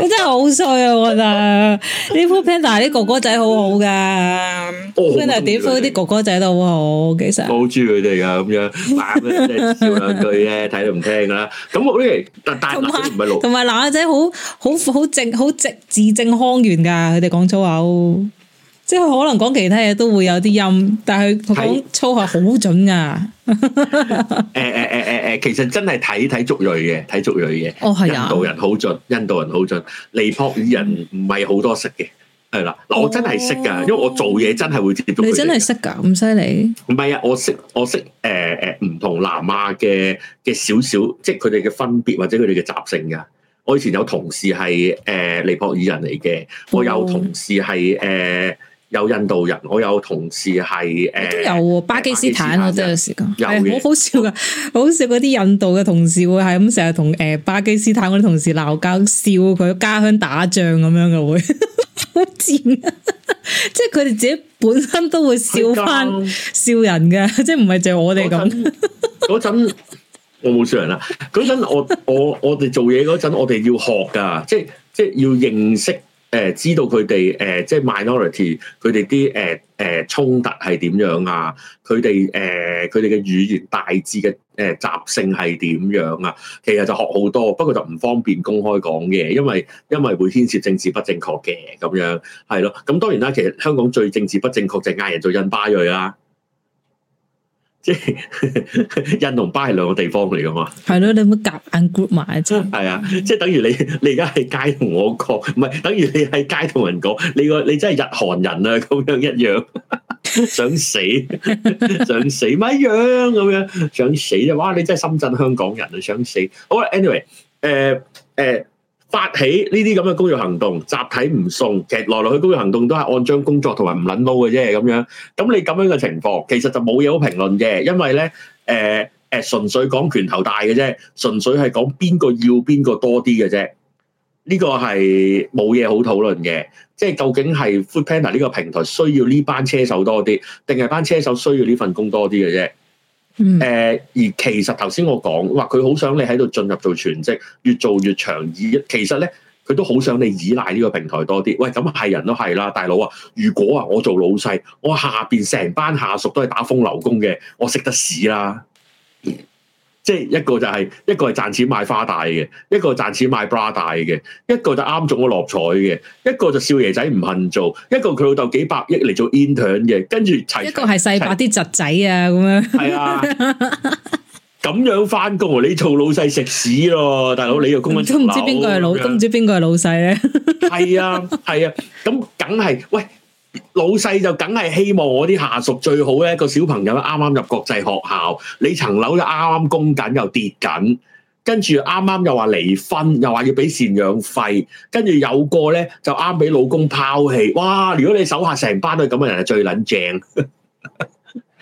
你真係好衰啊！我覺得呢 Panda 啲哥哥仔好好噶，Panda 點分啲哥哥仔都好好嘅。煲豬佢哋噶咁樣，笑兩句咧睇都唔聽噶啦。咁我呢，但但男仔唔係同埋男仔，好好好直好直字正腔圓噶。佢哋講粗口，即係可能講其他嘢都會有啲音，但係講粗口好準噶。誒誒誒誒誒，其實真係睇睇族裔嘅，睇族裔嘅。哦，係啊。印度人好準，印度人好準。尼泊爾人唔係好多識嘅。係啦，嗱我真係識噶，哦、因為我做嘢真係會接觸佢哋。你真係識噶，咁犀利？唔係啊，我識我識誒誒，唔、呃、同南亞嘅嘅少少，即係佢哋嘅分別或者佢哋嘅習性噶。我以前有同事係誒、呃、尼泊爾人嚟嘅，我有同事係誒。呃哦有印度人，我有同事係誒，都有、啊、巴基斯坦，我都有時講，有，好好笑噶，好笑嗰啲印度嘅同事會係咁成日同誒巴基斯坦嗰啲同事鬧交，笑佢家鄉打仗咁樣嘅會，好賤、啊，即係佢哋自己本身都會笑翻的笑人嘅，即係唔係就我哋咁。嗰陣時 我冇笑人啦，嗰陣我我我哋做嘢嗰陣，我哋要學噶，即係即係要認識。誒知道佢哋誒即係 minority，佢哋啲誒誒衝突係點樣啊？佢哋誒佢哋嘅語言大致嘅誒習性係點樣啊？其實就學好多，不過就唔方便公開講嘢，因為因為會牽涉政治不正確嘅咁樣係咯。咁當然啦，其實香港最政治不正確就嗌人做印巴裔啦。即係 印同巴係兩個地方嚟㗎嘛？係咯，你冇夾硬 group 埋啫係啊！嗯、即係等於你你而家係街同我講，唔係等於你係街同人講，你個你，你，你真係日韓人啊！咁樣一樣想死， 想死，想死咪一樣咁樣，想死啫！哇，你真係深圳香港人啊！想死。好啦，anyway，誒、呃、誒。呃發起呢啲咁嘅工業行動，集體唔送，其實來來去去工業行動都係按章工作同埋唔撚撈嘅啫咁樣。咁你咁樣嘅情況，其實就冇嘢好評論嘅，因為咧，誒、呃、誒，純、呃、粹講拳頭大嘅啫，純粹係講邊個要邊個多啲嘅啫。呢個係冇嘢好討論嘅，即係究竟係 Foodpanda 呢個平台需要呢班車手多啲，定係班車手需要呢份工多啲嘅啫。誒、嗯呃、而其實頭先我講話佢好想你喺度進入做全職，越做越長，其實咧佢都好想你依賴呢個平台多啲。喂，咁係人都係啦，大佬啊！如果啊我做老細，我下邊成班下屬都係打風流工嘅，我食得屎啦。即係一個就係、是、一個係賺錢買花帶嘅，一個賺錢買 bra 帶嘅，一個就啱中咗落彩嘅，一個就少爺仔唔肯做，一個佢老豆幾百億嚟做 intern 嘅，跟住齊一個係世伯啲侄仔啊，咁樣。係齊啊，咁 樣翻工你做老細食屎咯，大佬你又公文都唔知邊個係老，都唔知邊個係老細咧。係啊係啊，咁梗係喂。老細就梗係希望我啲下屬最好咧，個小朋友啱啱入國際學校，你層樓又啱啱供緊又跌緊，跟住啱啱又話離婚，又話要俾贍養費，跟住有個咧就啱俾老公拋棄，哇！如果你手下成班都係咁嘅人就，係最撚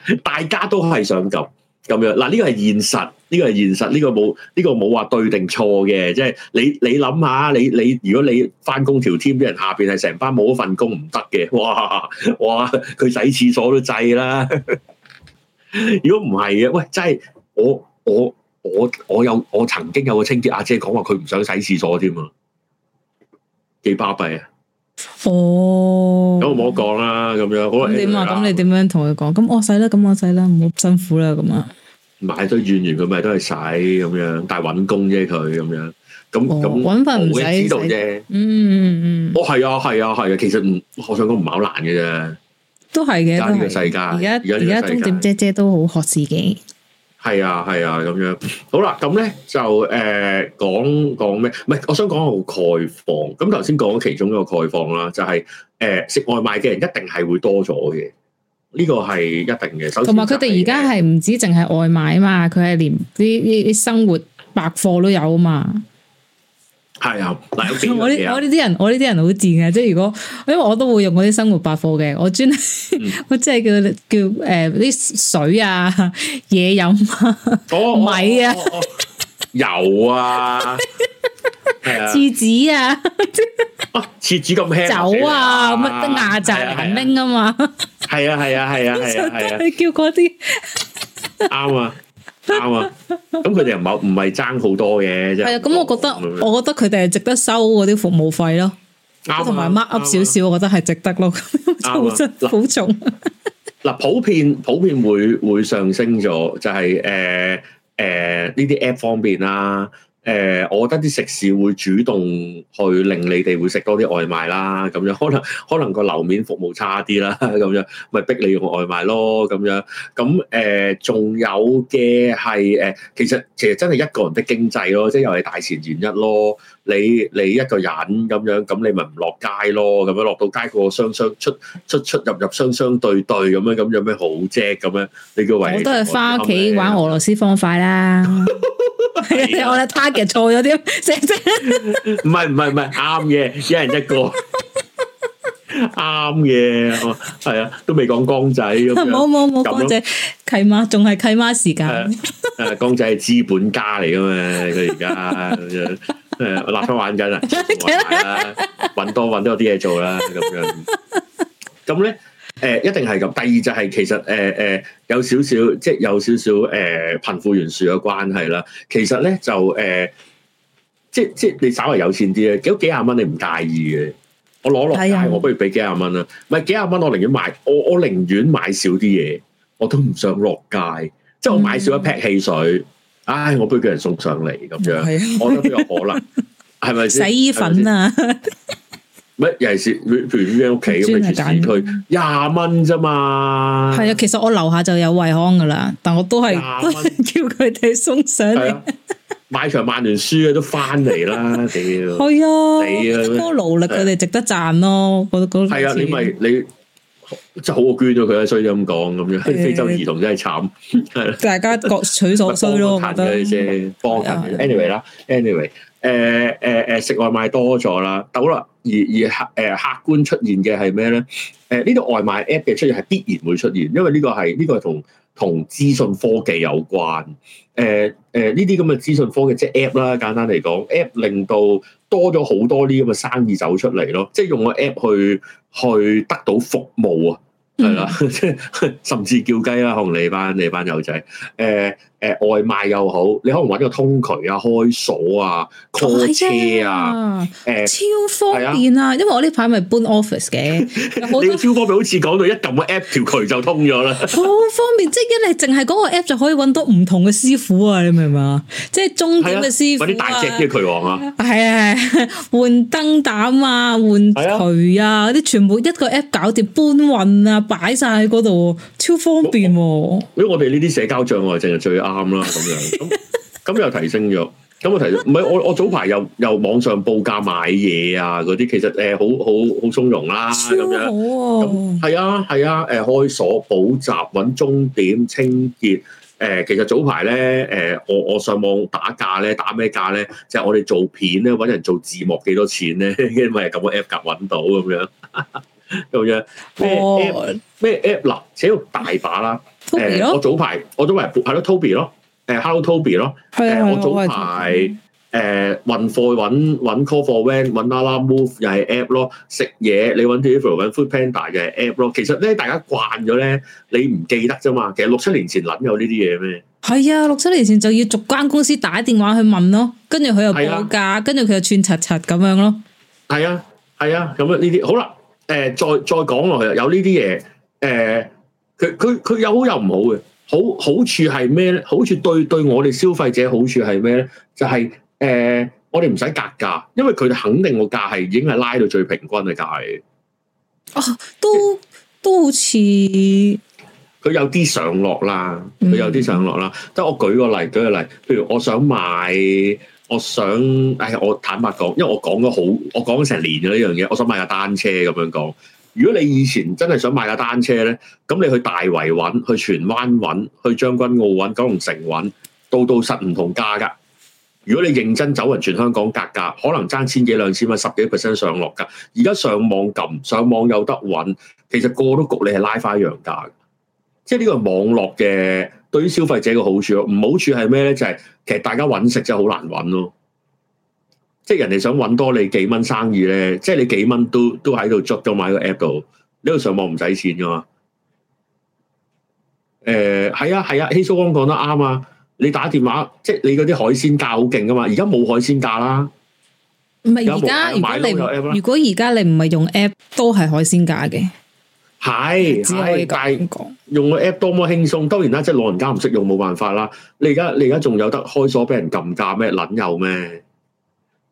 正，大家都係想咁咁樣嗱，呢個係現實。呢個係現實，呢個冇呢個冇話對定錯嘅，即係你你諗下，你你如果你翻工調添啲人下邊係成班冇一份工唔得嘅，哇哇佢洗廁所都滯啦！如果唔係嘅，喂真係我我我我有我曾經有個清潔阿姐講話佢唔想洗廁所添啊，幾巴閉啊！哦，咁唔好講啦，咁樣好啦。咁點啊？咁你點樣同佢講？咁我洗啦，咁我洗啦，唔好辛苦啦，咁啊。買咗怨員佢咪都係使咁樣，但係搵工啫佢咁樣，咁咁搵份唔使知道啫，嗯。嗯嗯哦，係啊係啊係啊，啊，其實唔，我想講唔係好難嘅啫。都係嘅，而家而家而家都點姐姐都好學自己。係啊係啊咁樣。好啦，咁咧就誒講講咩？唔，呃、係，我想講個概況。咁頭先講其中一個概況啦，就係、是、誒、呃、食外賣嘅人一定係會多咗嘅。呢個係一定嘅，手段同埋佢哋而家係唔止淨係外賣啊嘛，佢係連啲啲生活百貨都有啊嘛。係啊， 我呢我呢啲人我呢啲人好賤嘅，即係如果因為我都會用我啲生活百貨嘅，我專、嗯、 我即係叫叫誒啲、呃、水啊嘢飲啊米啊、哦哦哦、油啊。 廁紙啊！哦，廁紙咁輕，走啊，乜都亞雜行拎啊嘛？係啊，係啊，係啊，通常都係叫嗰啲。啱啊，啱啊，咁佢哋又冇唔係爭好多嘅，真係。係啊，咁我覺得，我覺得佢哋係值得收嗰啲服務費咯。啱，同埋 mark up 少少，我覺得係值得咯。啱啊，好重。嗱，普遍普遍會會上升咗，就係誒誒呢啲 app 方便啦。誒、呃，我覺得啲食肆會主動去令你哋會食多啲外賣啦，咁樣可能可能個樓面服務差啲啦，咁樣咪逼你用外賣咯，咁樣咁誒，仲、呃、有嘅係、呃、其實其實真係一個人的經濟咯，即係又係大前提之一咯。你你一個人咁樣，咁你咪唔落街咯，咁樣落到街個雙雙出出出入入雙雙對對咁樣，咁樣咩好啫咁樣？你叫為，我都係翻屋企玩俄羅斯方塊啦，係啊！我嘅 target 錯咗啲，唔係唔係唔係，啱嘅，一人一個，啱嘅，係啊，都未講光仔咁樣，冇冇冇光仔契媽，仲係契媽時間，光仔係資本家嚟噶嘛，佢而家。誒、 呃，立翻玩緊啦，搵多搵多啲嘢做啦，咁樣。咁咧，誒、呃，一定係咁。第二就係其實，誒、呃、誒、呃，有少少，即係有少少，誒、呃，貧富懸殊嘅關係啦。其實咧就，誒、呃，即即係你稍為有錢啲咧，幾幾廿蚊你唔介意嘅。我攞落街，的我不如俾幾廿蚊啦。唔係幾廿蚊，我寧願買，我我寧願買少啲嘢，我都唔想落街，即係我買少一劈汽水。嗯唉，我不如叫人送上嚟咁樣，我覺得都有可能，係咪先？洗衣粉啊，乜尤其是你，譬如你喺屋企咁，你揀佢廿蚊啫嘛。係啊，其實我樓下就有惠康噶啦，但我都係都係叫佢哋送上嚟。買場曼聯輸都翻嚟啦，屌！係啊，你啊，多勞力佢哋值得讚咯，覺得嗰係啊，你咪你。就好捐到佢啦，衰咁講咁樣，非洲兒童真係慘，係咯、欸。 的大家各取所需咯， 我覺得。幫下的 Anyway 啦，Anyway，誒誒誒，食外賣多咗啦，但好啦。而而客誒，客觀出現嘅係咩咧？誒、呃，呢度外賣 app 嘅出現係必然會出現，因為呢個係呢、呢個同。同資訊科技有關，誒誒呢啲咁嘅資訊科技，即係 App 啦。簡單嚟講，App 令到多咗好多呢啲咁嘅生意走出嚟咯。即係用個 App 去去得到服務啊，係啦，即係、嗯、 甚至叫雞啦，可能你班你班友仔誒。呃誒、呃、外賣又好，你可能玩個通渠啊、開鎖啊、call 車啊，誒、啊呃、超方便啊！是啊，因為我呢排咪搬 office 嘅， 你超方便，好似講到一撳個 app 條渠就通咗啦，好方便！ 即係一嚟淨係嗰個 app 就可以揾到唔同嘅師傅啊！你明唔明啊？即係中點嘅師傅啊，啲、啊、大隻嘅渠王啊，係 啊係，換燈膽啊、換渠啊嗰啲，啊、全部一個 app 搞掂，搬運啊，擺晒喺嗰度，超方便喎、啊！因為我哋呢啲社交障礙，淨係最啱啦，咁 樣咁咁又提升咗，咁我提唔係我我早排又又網上報價買嘢啊嗰啲，其實誒、呃、好好好鬆容啦，咁樣咁係啊係啊，誒、啊啊呃、開鎖補習揾鐘點清潔，誒、呃、其實早排咧誒我我上網打價咧打咩價咧，即、就、係、是、我哋做片咧揾人做字幕幾多錢咧， 因為咁個 app 夾揾到咁樣。 咁樣咩 app？咩 app 嗱、啊，寫到大把啦。t 我早排我早排係咯 Toby 咯，誒 Hello Toby 咯。係啊，我早排誒運貨搵搵 call for van 搵啦啦 move 又係 app 咯。食嘢，你搵啲 food 搵 Foodpanda 嘅 app 咯。其實咧大家慣咗咧，你唔記得咋嘛？其實六七年前諗有呢啲嘢咩？係啊，六七年前就要逐間公司打電話去問咯，跟住佢又報價，跟住佢又串柒柒咁樣咯。係啊係啊，咁啊呢啲好啦。誒、呃、再再講落去有呢啲嘢，誒佢佢佢有好有唔好嘅，好好處係咩咧？好處對對我哋消費者好處係咩咧？就係、是、誒、呃、我哋唔使格價，因為佢哋肯定個價係已經係拉到最平均嘅價嘅。哦、啊，都都好似佢有啲上落啦，佢有啲上落啦。即係、嗯、我舉個例舉個例，譬如我想買。我想，唉、哎，我坦白講，因為我講咗好，我講咗成年嘅呢樣嘢。我想買架單車咁樣講。如果你以前真係想買架單車咧，咁你去大圍揾，去荃灣揾，去將軍澳揾，九龍城揾，到到實唔同價㗎。如果你認真走完全香港價格，可能爭千幾兩千蚊，十幾 percent 上落㗎。而家上網撳，上網有得揾，其實個個都焗你係拉返一樣價，即係呢個是網絡嘅。對於消費者嘅好處唔好處係咩咧？就係、是、其實大家揾食真係好難揾咯、啊，即係人哋想揾多你幾蚊生意咧，即係你幾蚊都都喺度捉咗買個 app 度，你喺度上網唔使錢噶嘛。誒、呃，係啊係啊，希蘇剛講得啱啊！你打電話即係你嗰啲海鮮價好勁噶嘛，而家冇海鮮價啦。唔係而家，現在如果而家、哎、你唔係用 app，都係海鮮價嘅。係，但係用個 app 多麼輕鬆。當然啦，即係老人家唔識用，冇辦法啦。你而家你而家仲有得開鎖俾人撳價咩？撚有咩？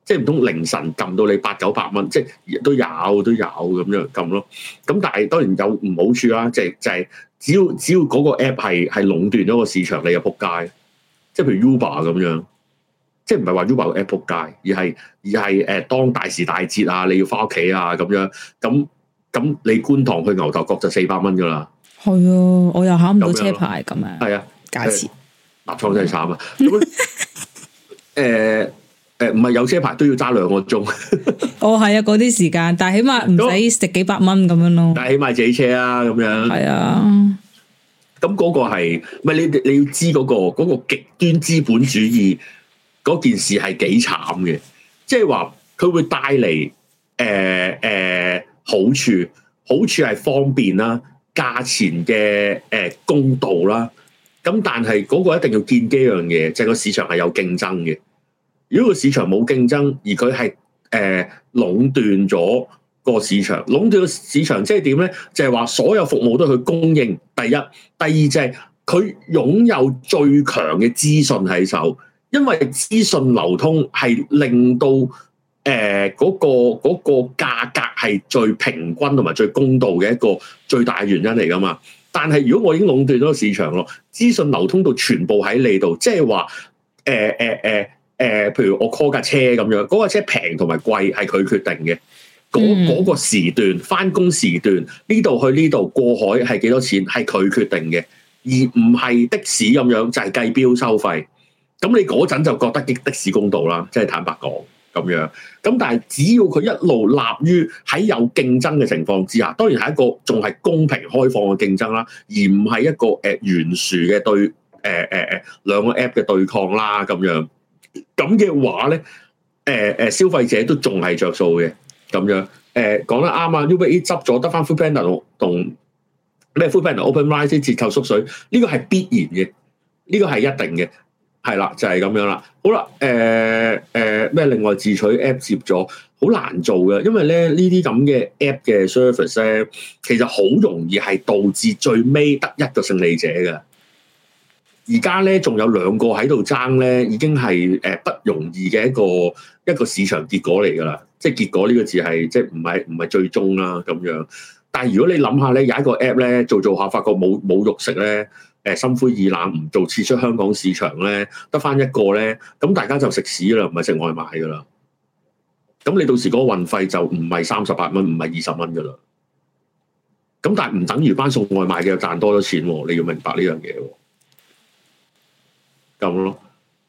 即係唔通凌晨撳到你八九百蚊？即係都有都有咁樣撳咯。咁但係當然有唔好處啦。即係就係、是就是、只要只要嗰個 app 係係壟斷咗個市場，你又撲街。即係譬如 Uber 咁樣，即係唔係話 Uber 個 app 撲街，而係而係誒，當大時大節啊，你要翻屋企啊咁樣咁。咁你觀塘去牛頭角就四百蚊噶啦，係啊，我又考唔到車牌咁樣，係啊，價錢辭、哎，立倉真係慘啊！誒誒、 哎，唔、哎、係有車牌都要揸兩個鐘， 哦，係啊，嗰啲時間，但係起碼唔使食幾百蚊咁樣咯，但係起碼自己車啊，咁樣係啊。咁嗰個係唔係你你要知嗰、嗰個嗰、嗰個極端資本主義嗰 件事係幾慘嘅，即係話佢會帶嚟誒誒。呃呃好處，好處係方便啦，價錢嘅誒、呃、公道啦。咁但係嗰個一定要見幾樣嘢，即係個市場係有競爭嘅。如果個市場冇競爭，而佢係誒壟斷咗個市場，壟斷個市場即係點咧？就係、是、話所有服務都去供應。第一，第二就係佢擁有最強嘅資訊喺手，因為資訊流通係令到。誒，嗰、哎，那個嗰、那個價格係最平均同埋最公道嘅一個最大原因嚟㗎嘛？但係如果我已經壟斷咗個市場咯，資訊流通到全部喺你度，即係話，誒誒誒誒，譬如我 call 架車咁樣，嗰、那、架、個、車平同埋貴係佢決定嘅，嗰嗰、嗯、個時段翻工時段呢度去呢度過海係幾多錢係佢決定嘅，而唔係的士咁樣就係計表收費，咁你嗰陣就覺得的士公道啦，即係坦白講。咁樣，咁但係只要佢一路立於喺有競爭嘅情況之下，當然係一個仲係公平開放嘅競爭啦，而唔係一個誒懸、呃、殊嘅對誒誒誒兩個 app 嘅對抗啦咁樣，咁嘅話咧，誒、呃、誒消費者都仲係着數嘅。咁樣誒講、呃、得啱啊，Uber Eats 執咗得返 Foodpanda 同咩 Foodpanda OpenRice 啲折扣縮水，呢、這個係必然嘅，呢、這個係一定嘅。係啦，就係、是、咁樣啦。好啦，誒誒咩？另外自取 app 接咗，好難做嘅，因為咧呢啲咁嘅 app 嘅 service 咧，其實好容易係導致最尾得一個勝利者嘅。而家咧仲有兩個喺度爭咧，已經係誒、呃、不容易嘅一個一個市場結果嚟噶啦。即係結果呢個字係即係唔係唔係最終啦咁樣。但係如果你諗下咧，有一個 app 咧做着做下，發覺冇冇肉食咧。誒，心灰意冷，唔做撤出香港市場咧，得翻一個咧，咁大家就食屎啦，唔係食外賣噶啦。咁你到時嗰個運費就唔係三十八蚊，唔係二十蚊噶啦。咁但係唔等於班送外賣嘅又賺多咗錢，你要明白呢樣嘢。咁咯，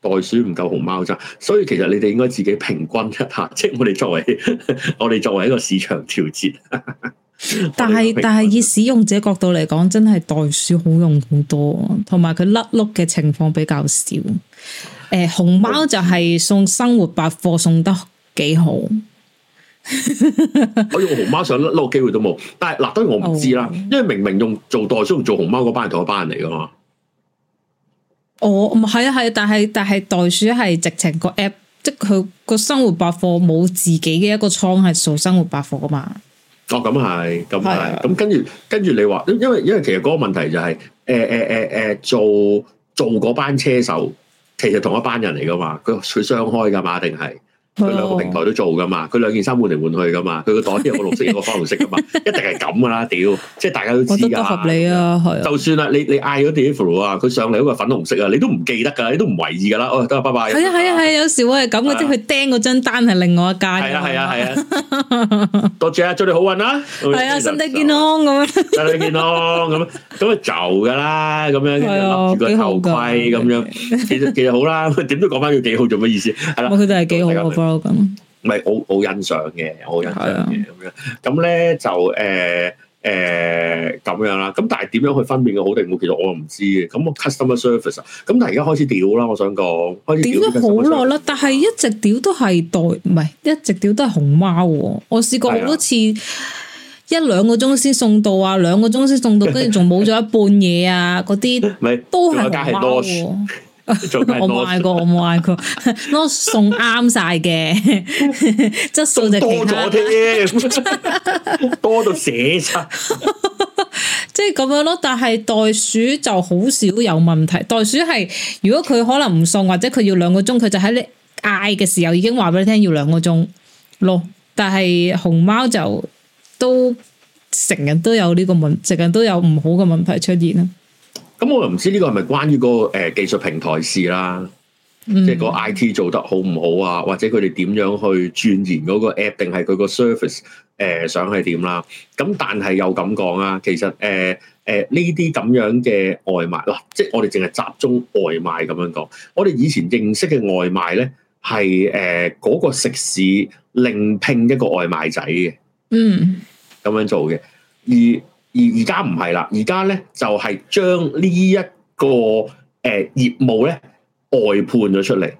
袋鼠唔夠熊貓咋。所以其實你哋應該自己平均一下，即係我哋作為 我哋作為一個市場調節。 但係但係，以使用者角度嚟講，真係袋鼠好用好多，同埋佢甩碌嘅情況比較少。誒、呃，熊貓就係送生活百貨送得幾好。我， 我用熊貓想甩碌機會都冇，但係嗱、啊，當然我唔知啦，哦、因為明明用做袋鼠同做熊貓嗰班人同一班人嚟噶嘛。哦，唔係啊，係，但係但係袋鼠係直情個 app，即係佢個生活百貨冇自己嘅一個倉係做生活百貨噶嘛。哦，咁係，咁係，咁的跟住，跟住你話，因因為因為其實嗰個問題就係、是，誒誒誒誒，做做嗰班車手，其實同一班人嚟噶嘛，佢佢雙開噶嘛，一定係？佢兩個平台都做噶嘛，佢兩件衫換嚟換去噶嘛，佢個袋有個綠色、個粉紅色噶嘛，一定係咁噶啦，屌，即係大家都知啊。合理啊，就算啊，你你嗌咗 d a 啊，佢上嚟嗰個粉紅色啊，你都唔記得噶，你都唔為意噶啦，哦，得啦，拜拜。係啊係啊係，有時會係咁嘅，即係佢釘嗰張單係另外一間。係啊係啊係啊，多謝啊，祝你好運啊。係啊，身體健康咁樣。身體健康咁，咁就㗎啦，咁樣笠住個頭盔咁樣，其實其實好啦，點都講翻佢幾好做乜意思？係啦，佢就係幾好。咁，唔係我好欣賞嘅，我好欣賞嘅咁樣，咁咧就誒誒咁樣啦。咁但係點樣去分辨好定唔好？其實我唔知嘅。咁我 customer service 啊，咁但係而家開始屌啦。我想講，開始屌咗好耐啦。但係一直屌都係袋，唔係一直屌都係熊貓。我試過好多次，一兩個鐘先送到啊，兩個鐘先送到，跟住仲冇咗一半嘢啊，嗰啲唔係都係貓。 我冇嗌過，我冇嗌過，我 送啱晒嘅，質 素就送多咗添， 多到死咋，即係咁樣咯。但係袋鼠就好少有問題，袋鼠係如果佢可能唔送或者佢要兩個鐘，佢就喺你嗌嘅時候已經話俾你聽要兩個鐘咯。但係熊貓就都成日都有呢個問題，成日都有唔好嘅問題出現啊。咁我又唔知呢個係咪關於、個誒、呃、技術平台事啦，即、就、係、是、個 I T 做得好唔好啊，或者佢哋點樣去鑽研嗰個 app，定係佢個 service 誒、呃、想係點啦？咁但係又咁講啊，其實誒呢啲咁樣嘅外賣，啊、即我哋淨係集中外賣咁樣講，我哋以前認識嘅外賣咧係誒嗰個食肆另聘一個外賣仔嘅，嗯，咁樣做嘅，而。而家唔係啦，而家咧就係將呢一個誒、呃、業務咧外判咗出嚟，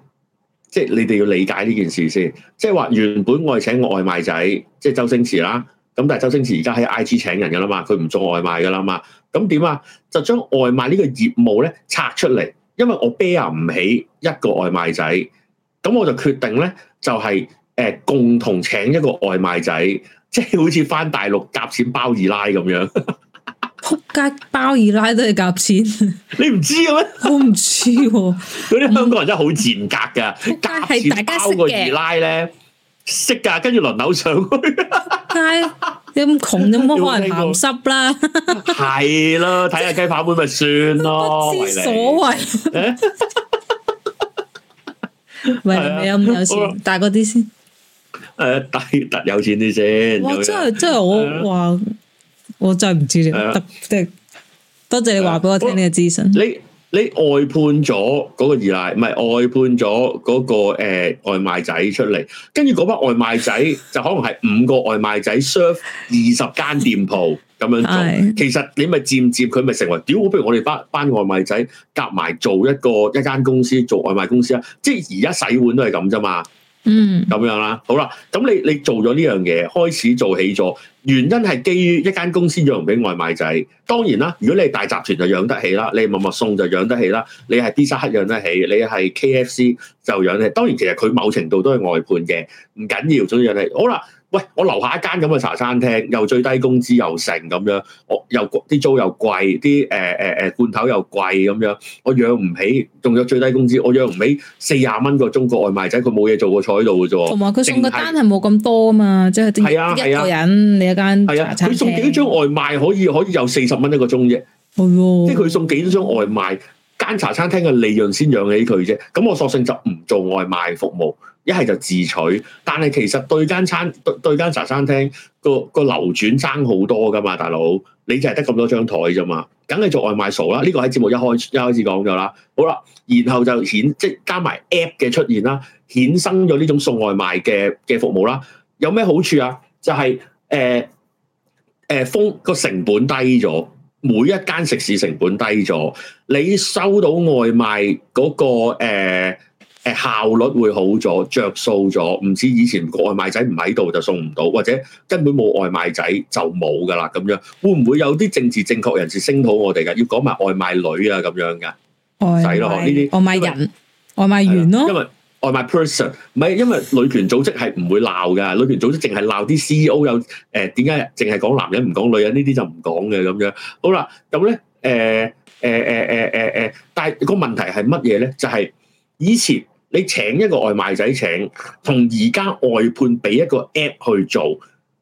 即係你哋要理解呢件事先。即係話原本我係請個外賣仔，即係周星馳啦。咁但係周星馳而家喺 I T 請人嘅啦嘛，佢唔做外賣嘅啦嘛。咁點啊？就將外賣呢個業務咧拆出嚟，因為我 bear 唔起一個外賣仔，咁我就決定咧就係、是、誒、呃、共同請一個外賣仔。即係好似翻大陸夾錢包二奶咁樣，撲街包二奶都係夾錢，你唔 知嘅咩、啊？我唔知喎，嗰啲香港人真係好賤格噶，夾、嗯、錢包個二奶咧，識噶，跟住輪流上去。 哎、你咁窮，咁乜可能鹹濕啦？係 咯，睇下雞扒妹咪算咯， 不知所謂。喂，你有唔有，有錢？大的個啲先。誒，特特 有錢啲先。我真係真係，我話我真係唔知啦。特多謝你話俾我聽呢、啊、個資訊。你你外判咗嗰個依賴，唔係外判咗嗰、那個誒、呃、外賣仔出嚟，跟住嗰班外賣仔 就可能係五個外賣仔 serve 二十間店鋪咁樣做。 其實你咪漸漸佢咪成為屌，不如我哋班班外賣仔夾埋做一個一間公司做外賣公司啊！即係而家洗碗都係咁啫嘛。嗯，咁樣啦，好啦，咁你你做咗呢樣嘢，開始做起咗，原因係基於一間公司養唔俾外賣仔，當然啦，如果你係大集團就養得起啦，你係默默送就養得起啦，你係 Pizza Hut 養得起，你係 KFC 就養得起，當然其實佢某程度都係外判嘅，唔緊要，總之養得起，好啦。喂，我樓下一間咁嘅茶餐廳，又最低工資又成咁樣，我又啲租又貴，啲誒誒誒罐頭又貴咁樣，我養唔起，仲有最低工資，我養唔起四十蚊個中國外賣仔，佢冇嘢做個坐喺度嘅啫。同埋佢送個單係冇咁多啊嘛，即係係、啊啊、一個人你一間。係啊，佢送幾多張外賣可以可以有四十蚊一個鐘啫？係、哦、即係佢送幾多張外賣間茶餐廳嘅利潤先養起佢啫。咁我索性就唔做外賣服務。一係就自取，但係其實對間餐對，對間茶餐廳個個流轉爭好多噶嘛，大佬，你就係得咁多張台啫嘛，梗係做外賣傻啦！呢、這個喺節目一開一開始講咗啦。好啦，然後就顯即加埋 app 嘅出現啦，衍生咗呢種送外賣嘅嘅服務啦。有咩好處啊？就係誒誒，封、呃呃、個成本低咗，每一間食肆成本低咗，你收到外賣嗰、那個誒。呃誒，效率會好咗，着數咗，唔似以前個外賣仔唔喺度就送唔到，或者根本冇外賣仔就冇噶啦咁樣。會唔會有啲政治正確人士聲討我哋噶？要講埋外賣女啊，咁樣噶，仔咯，呢啲外賣人、啊、外賣員咯，因為，因為外賣 person 唔係，因為女權組織係唔會鬧噶，女權組織淨係鬧啲 C E O 有誒，點解淨係講男人唔講女人呢？啲就唔講嘅咁樣。好啦，咁咧，誒誒誒誒誒誒，但係個問題係乜嘢咧？就係、是、以前。你請一個外賣仔請，同而家外判俾一個 app 去做，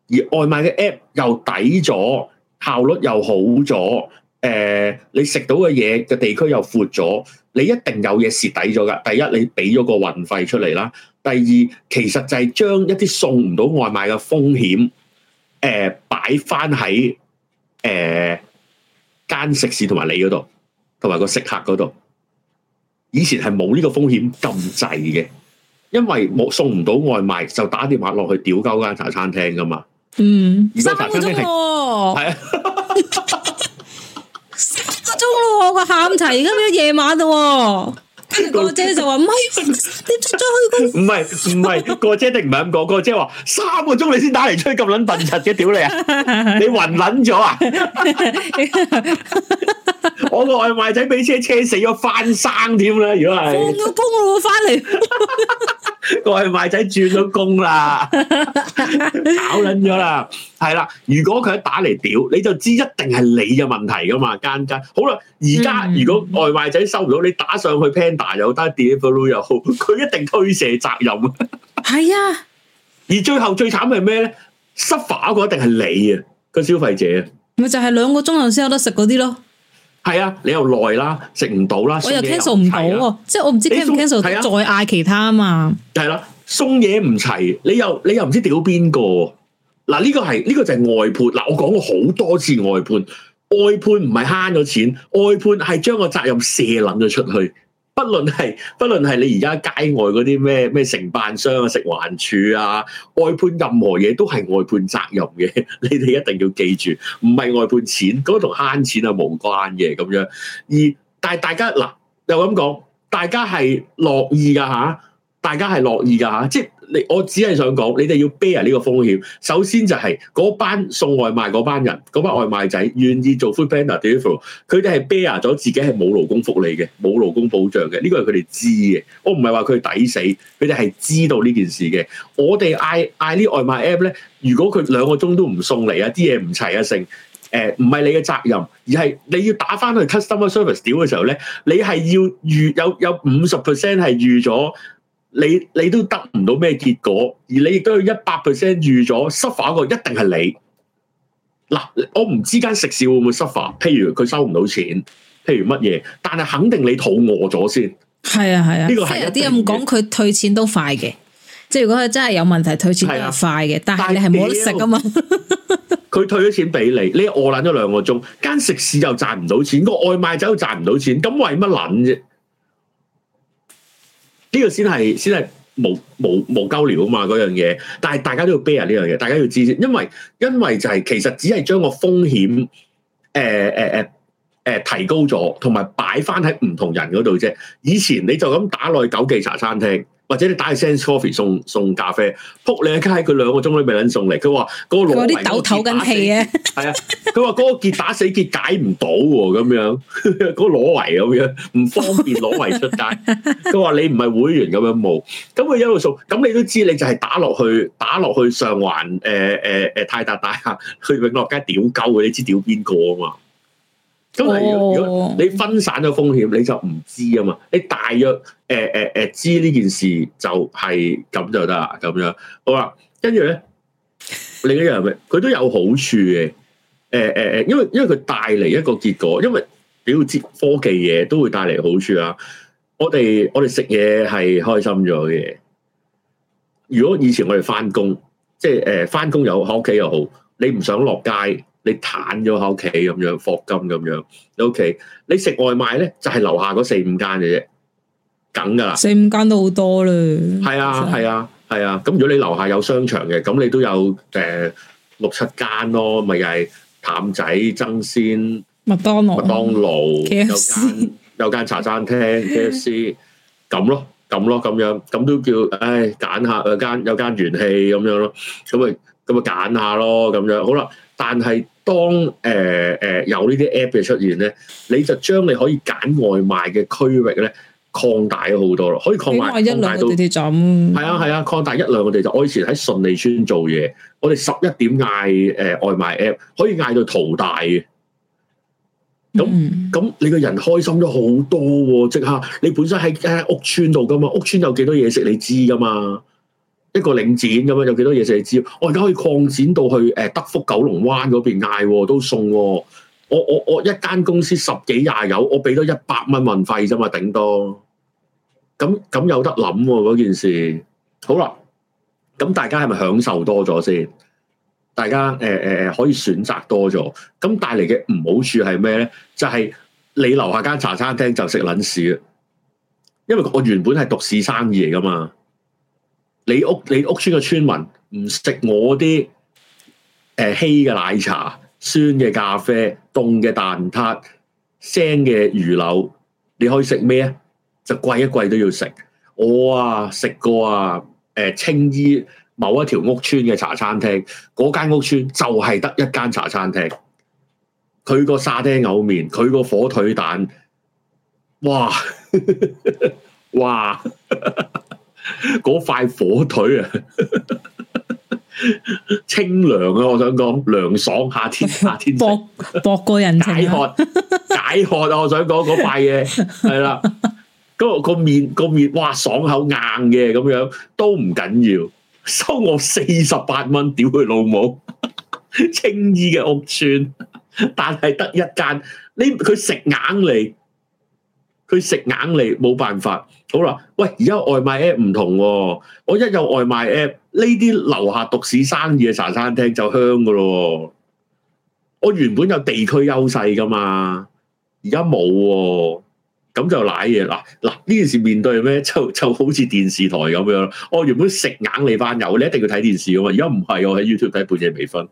而外賣嘅 app 又抵咗，效率又好咗。誒、呃，你食到嘅嘢嘅地區又闊咗。你一定有嘢蝕底咗㗎。第一，你俾咗個運費出嚟啦。第二，其實就係將一啲送唔到外賣嘅風險，誒擺翻喺誒間食肆同埋你嗰度，同埋個食客嗰度。以前係冇呢個風險咁滯嘅，因為冇送唔到外賣就打電話落去屌鳩間茶餐廳噶嘛。嗯，三個鐘喎，係啊， 三個鐘咯、啊，我個喊齊，而家變夜晚嘞。個姐就話唔係，你出咗去唔係唔係，個姐定唔係咁講？個姐話三個鐘你先打嚟，出咁撚笨柒嘅屌你啊！你暈撚咗啊？ 我個外賣仔俾車，車車死咗翻生添啦！如果係放咗工我會翻嚟。 外賣仔轉咗工啦， 搞撚咗啦，係啦。如果佢喺打嚟，屌，你就知一定係你嘅問題噶嘛，間間好啦。而家如果外賣仔收唔到，你打上去 Panda 又得 Delivery 又好，佢一定推卸責任。係 是啊，而最後最慘係咩咧？suffer 嗰個一定係你啊，消費，嗯、個消費者啊。咪就係兩個鐘頭先有得食嗰啲咯。係啊，你又耐啦，食唔到啦，我又 cancel 唔到喎，不了啊，即係我唔知道送可不可 cancel 唔 cancel，啊、再嗌其他啊嘛，係啦，啊，送嘢唔齊，你又你又唔知掉邊個、啊這個，嗱呢個係呢個就係外判，嗱，啊、我講過好多次外判，外判唔係慳咗錢，外判係將個責任卸撚咗出去。不論係不論係你而家街外嗰啲咩咩承辦商啊、食環署啊、外判任何嘢都係外判責任嘅，你哋一定要記住，唔係外判錢，嗰同慳錢啊冇關嘅咁樣。而但係大家嗱、啊、又咁講，大家係樂意㗎嚇、啊，大家係樂意㗎嚇、啊，即係。你我只係想講，你哋要 bear 呢個風險。首先就係、是、嗰班送外賣嗰班人，嗰班外賣仔願意做 food vendor，佢哋係 bear 咗自己係冇勞工福利嘅，冇勞工保障嘅。呢、這個係佢哋知嘅。我唔係話佢抵死，佢哋係知道呢件事嘅。我哋嗌嗌啲外賣 app 咧，如果佢兩個鐘都唔送嚟啊，啲嘢唔齊啊，成唔係你嘅責任，而係你要打翻去 customer service 屌嘅時候咧，你係要預有有五十 percent 係預咗。你你都得唔到咩結果，而你亦都要一百 percent 預咗 suffer 嗰個一定係你嗱，我唔知間食肆會唔會 suffer，譬如佢收唔到錢，譬如乜嘢，但係肯定你肚餓咗先。係啊係啊，呢個係有啲人講佢退錢都快嘅，即係如果佢真係有問題退錢係啊快嘅，但係你係冇得食噶嘛？佢有 退咗錢俾你，你餓捻咗兩個鐘，間食肆又賺唔到錢，個外賣仔又賺唔到錢，咁為乜捻啫？呢個先係先係無無無鳩料啊嘛！嗰樣嘢，但係大家都要 bear 呢樣嘢，大家要知先，因為因為就係、是、其實只係將個風險誒誒誒誒提高咗，同埋擺翻喺唔同人嗰度啫。以前你就咁打落去九記茶餐廳。或者你打去 Sense Coffee 送送咖啡，扑你一街，喺佢兩個鐘都未能送嚟，佢話嗰個攞圍好似打死，係 啊！佢話嗰個結 打死結解唔到喎，咁樣嗰攞圍咁樣唔方便攞圍出街。佢話 你唔係會員咁樣冇，咁佢一路送，咁你都知你就係打落去打落去上環誒誒誒泰達大廈去永樂街屌鳩你知屌邊個啊嘛？咁係、嗯，如果你分散咗風險，你就唔知啊嘛。你大約誒誒誒知呢件事就係咁就得啦，咁樣。好啦，跟住咧，另一樣嘢，佢都有好處嘅。誒誒誒，因為因為佢帶嚟一個結果，因為你要知科技嘢都會帶嚟好處啊。我哋我哋食嘢係開心咗嘅。如果以前我哋翻工，即係誒翻工又好，喺屋企又好，你唔想落街。你攤咗喺屋企咁樣，霍金咁樣你屋企，你食外賣咧就係、是、樓下嗰四五間嘅啫，梗噶啦，四五間都好多咧，係啊係啊係啊，咁實、啊啊、如果你樓下有商場嘅，咁你都有誒、呃、六七間咯，咪又係譚仔、爭鮮、麥當勞、麥當勞 FC，有間有間茶餐廳、 K F C，咁咯咁咯咁樣，咁都叫唉揀下誒間有間元氣咁樣咯，咁咪，咁咪揀下咯，咁樣好啦。但係當誒誒、呃呃、有呢啲 app 嘅出現咧，你就將你可以揀外賣嘅區域咧擴大咗好多咯，可以擴大,大到係啊係啊，擴、啊、大一兩個地鐵站。我以前喺順利村做嘢，我哋十一點嗌誒、呃、外賣 app 可以嗌到淘大嘅。咁咁、嗯嗯、你個人開心咗好多喎、哦！即刻你本身喺屋村度噶嘛，屋村有幾多嘢食你知噶嘛。一個領展咁樣，有幾多嘢食你知，我而家可以擴展到去誒、呃、德福九龍灣嗰邊嗌，都送我我我一間公司十幾廿友，我俾咗一百蚊運費啫嘛，頂多咁咁，有得諗喎嗰件事。好啦，咁大家係咪享受多咗先？大家誒誒誒可以選擇多咗，咁帶嚟嘅唔好處係咩咧？就係、是、你樓下間茶餐廳就食撚屎，因為我原本係獨市生意嚟噶嘛。你屋你屋村嘅村民唔食我啲誒、呃、稀嘅奶茶、酸嘅咖啡、凍嘅蛋撻、腥嘅魚柳，你可以食咩啊？就貴一貴都要食。我啊食過啊誒、呃、青衣某一條屋村嘅茶餐廳，嗰間屋村就係得一間茶餐廳。佢個沙爹牛麵，佢個火腿蛋，哇 哇！ 嗰塊火腿啊， 清涼啊！我想講，涼爽夏天，夏天博博過人解渴汗解渴啊！ 我想講嗰塊嘢係啦，嗰、個麵、個麵哇爽口硬嘅咁樣都唔緊要，收我四十八蚊，屌佢老母，青衣嘅屋村，但係得一間，你佢食硬嚟，佢食硬嚟，冇辦法。好啦，喂！而家外賣 App 唔同喎、哦，我一有外賣 App，呢啲樓下獨市生意嘅茶餐廳就香噶咯、哦，我原本有地區優勢噶嘛，而家冇喎，咁就賴嘢嗱嗱呢件事面對咩？就就好似電視台咁樣，我原本食硬你班友，你一定要睇電視噶嘛，而家唔係，我喺 YouTube 睇半夜微醺。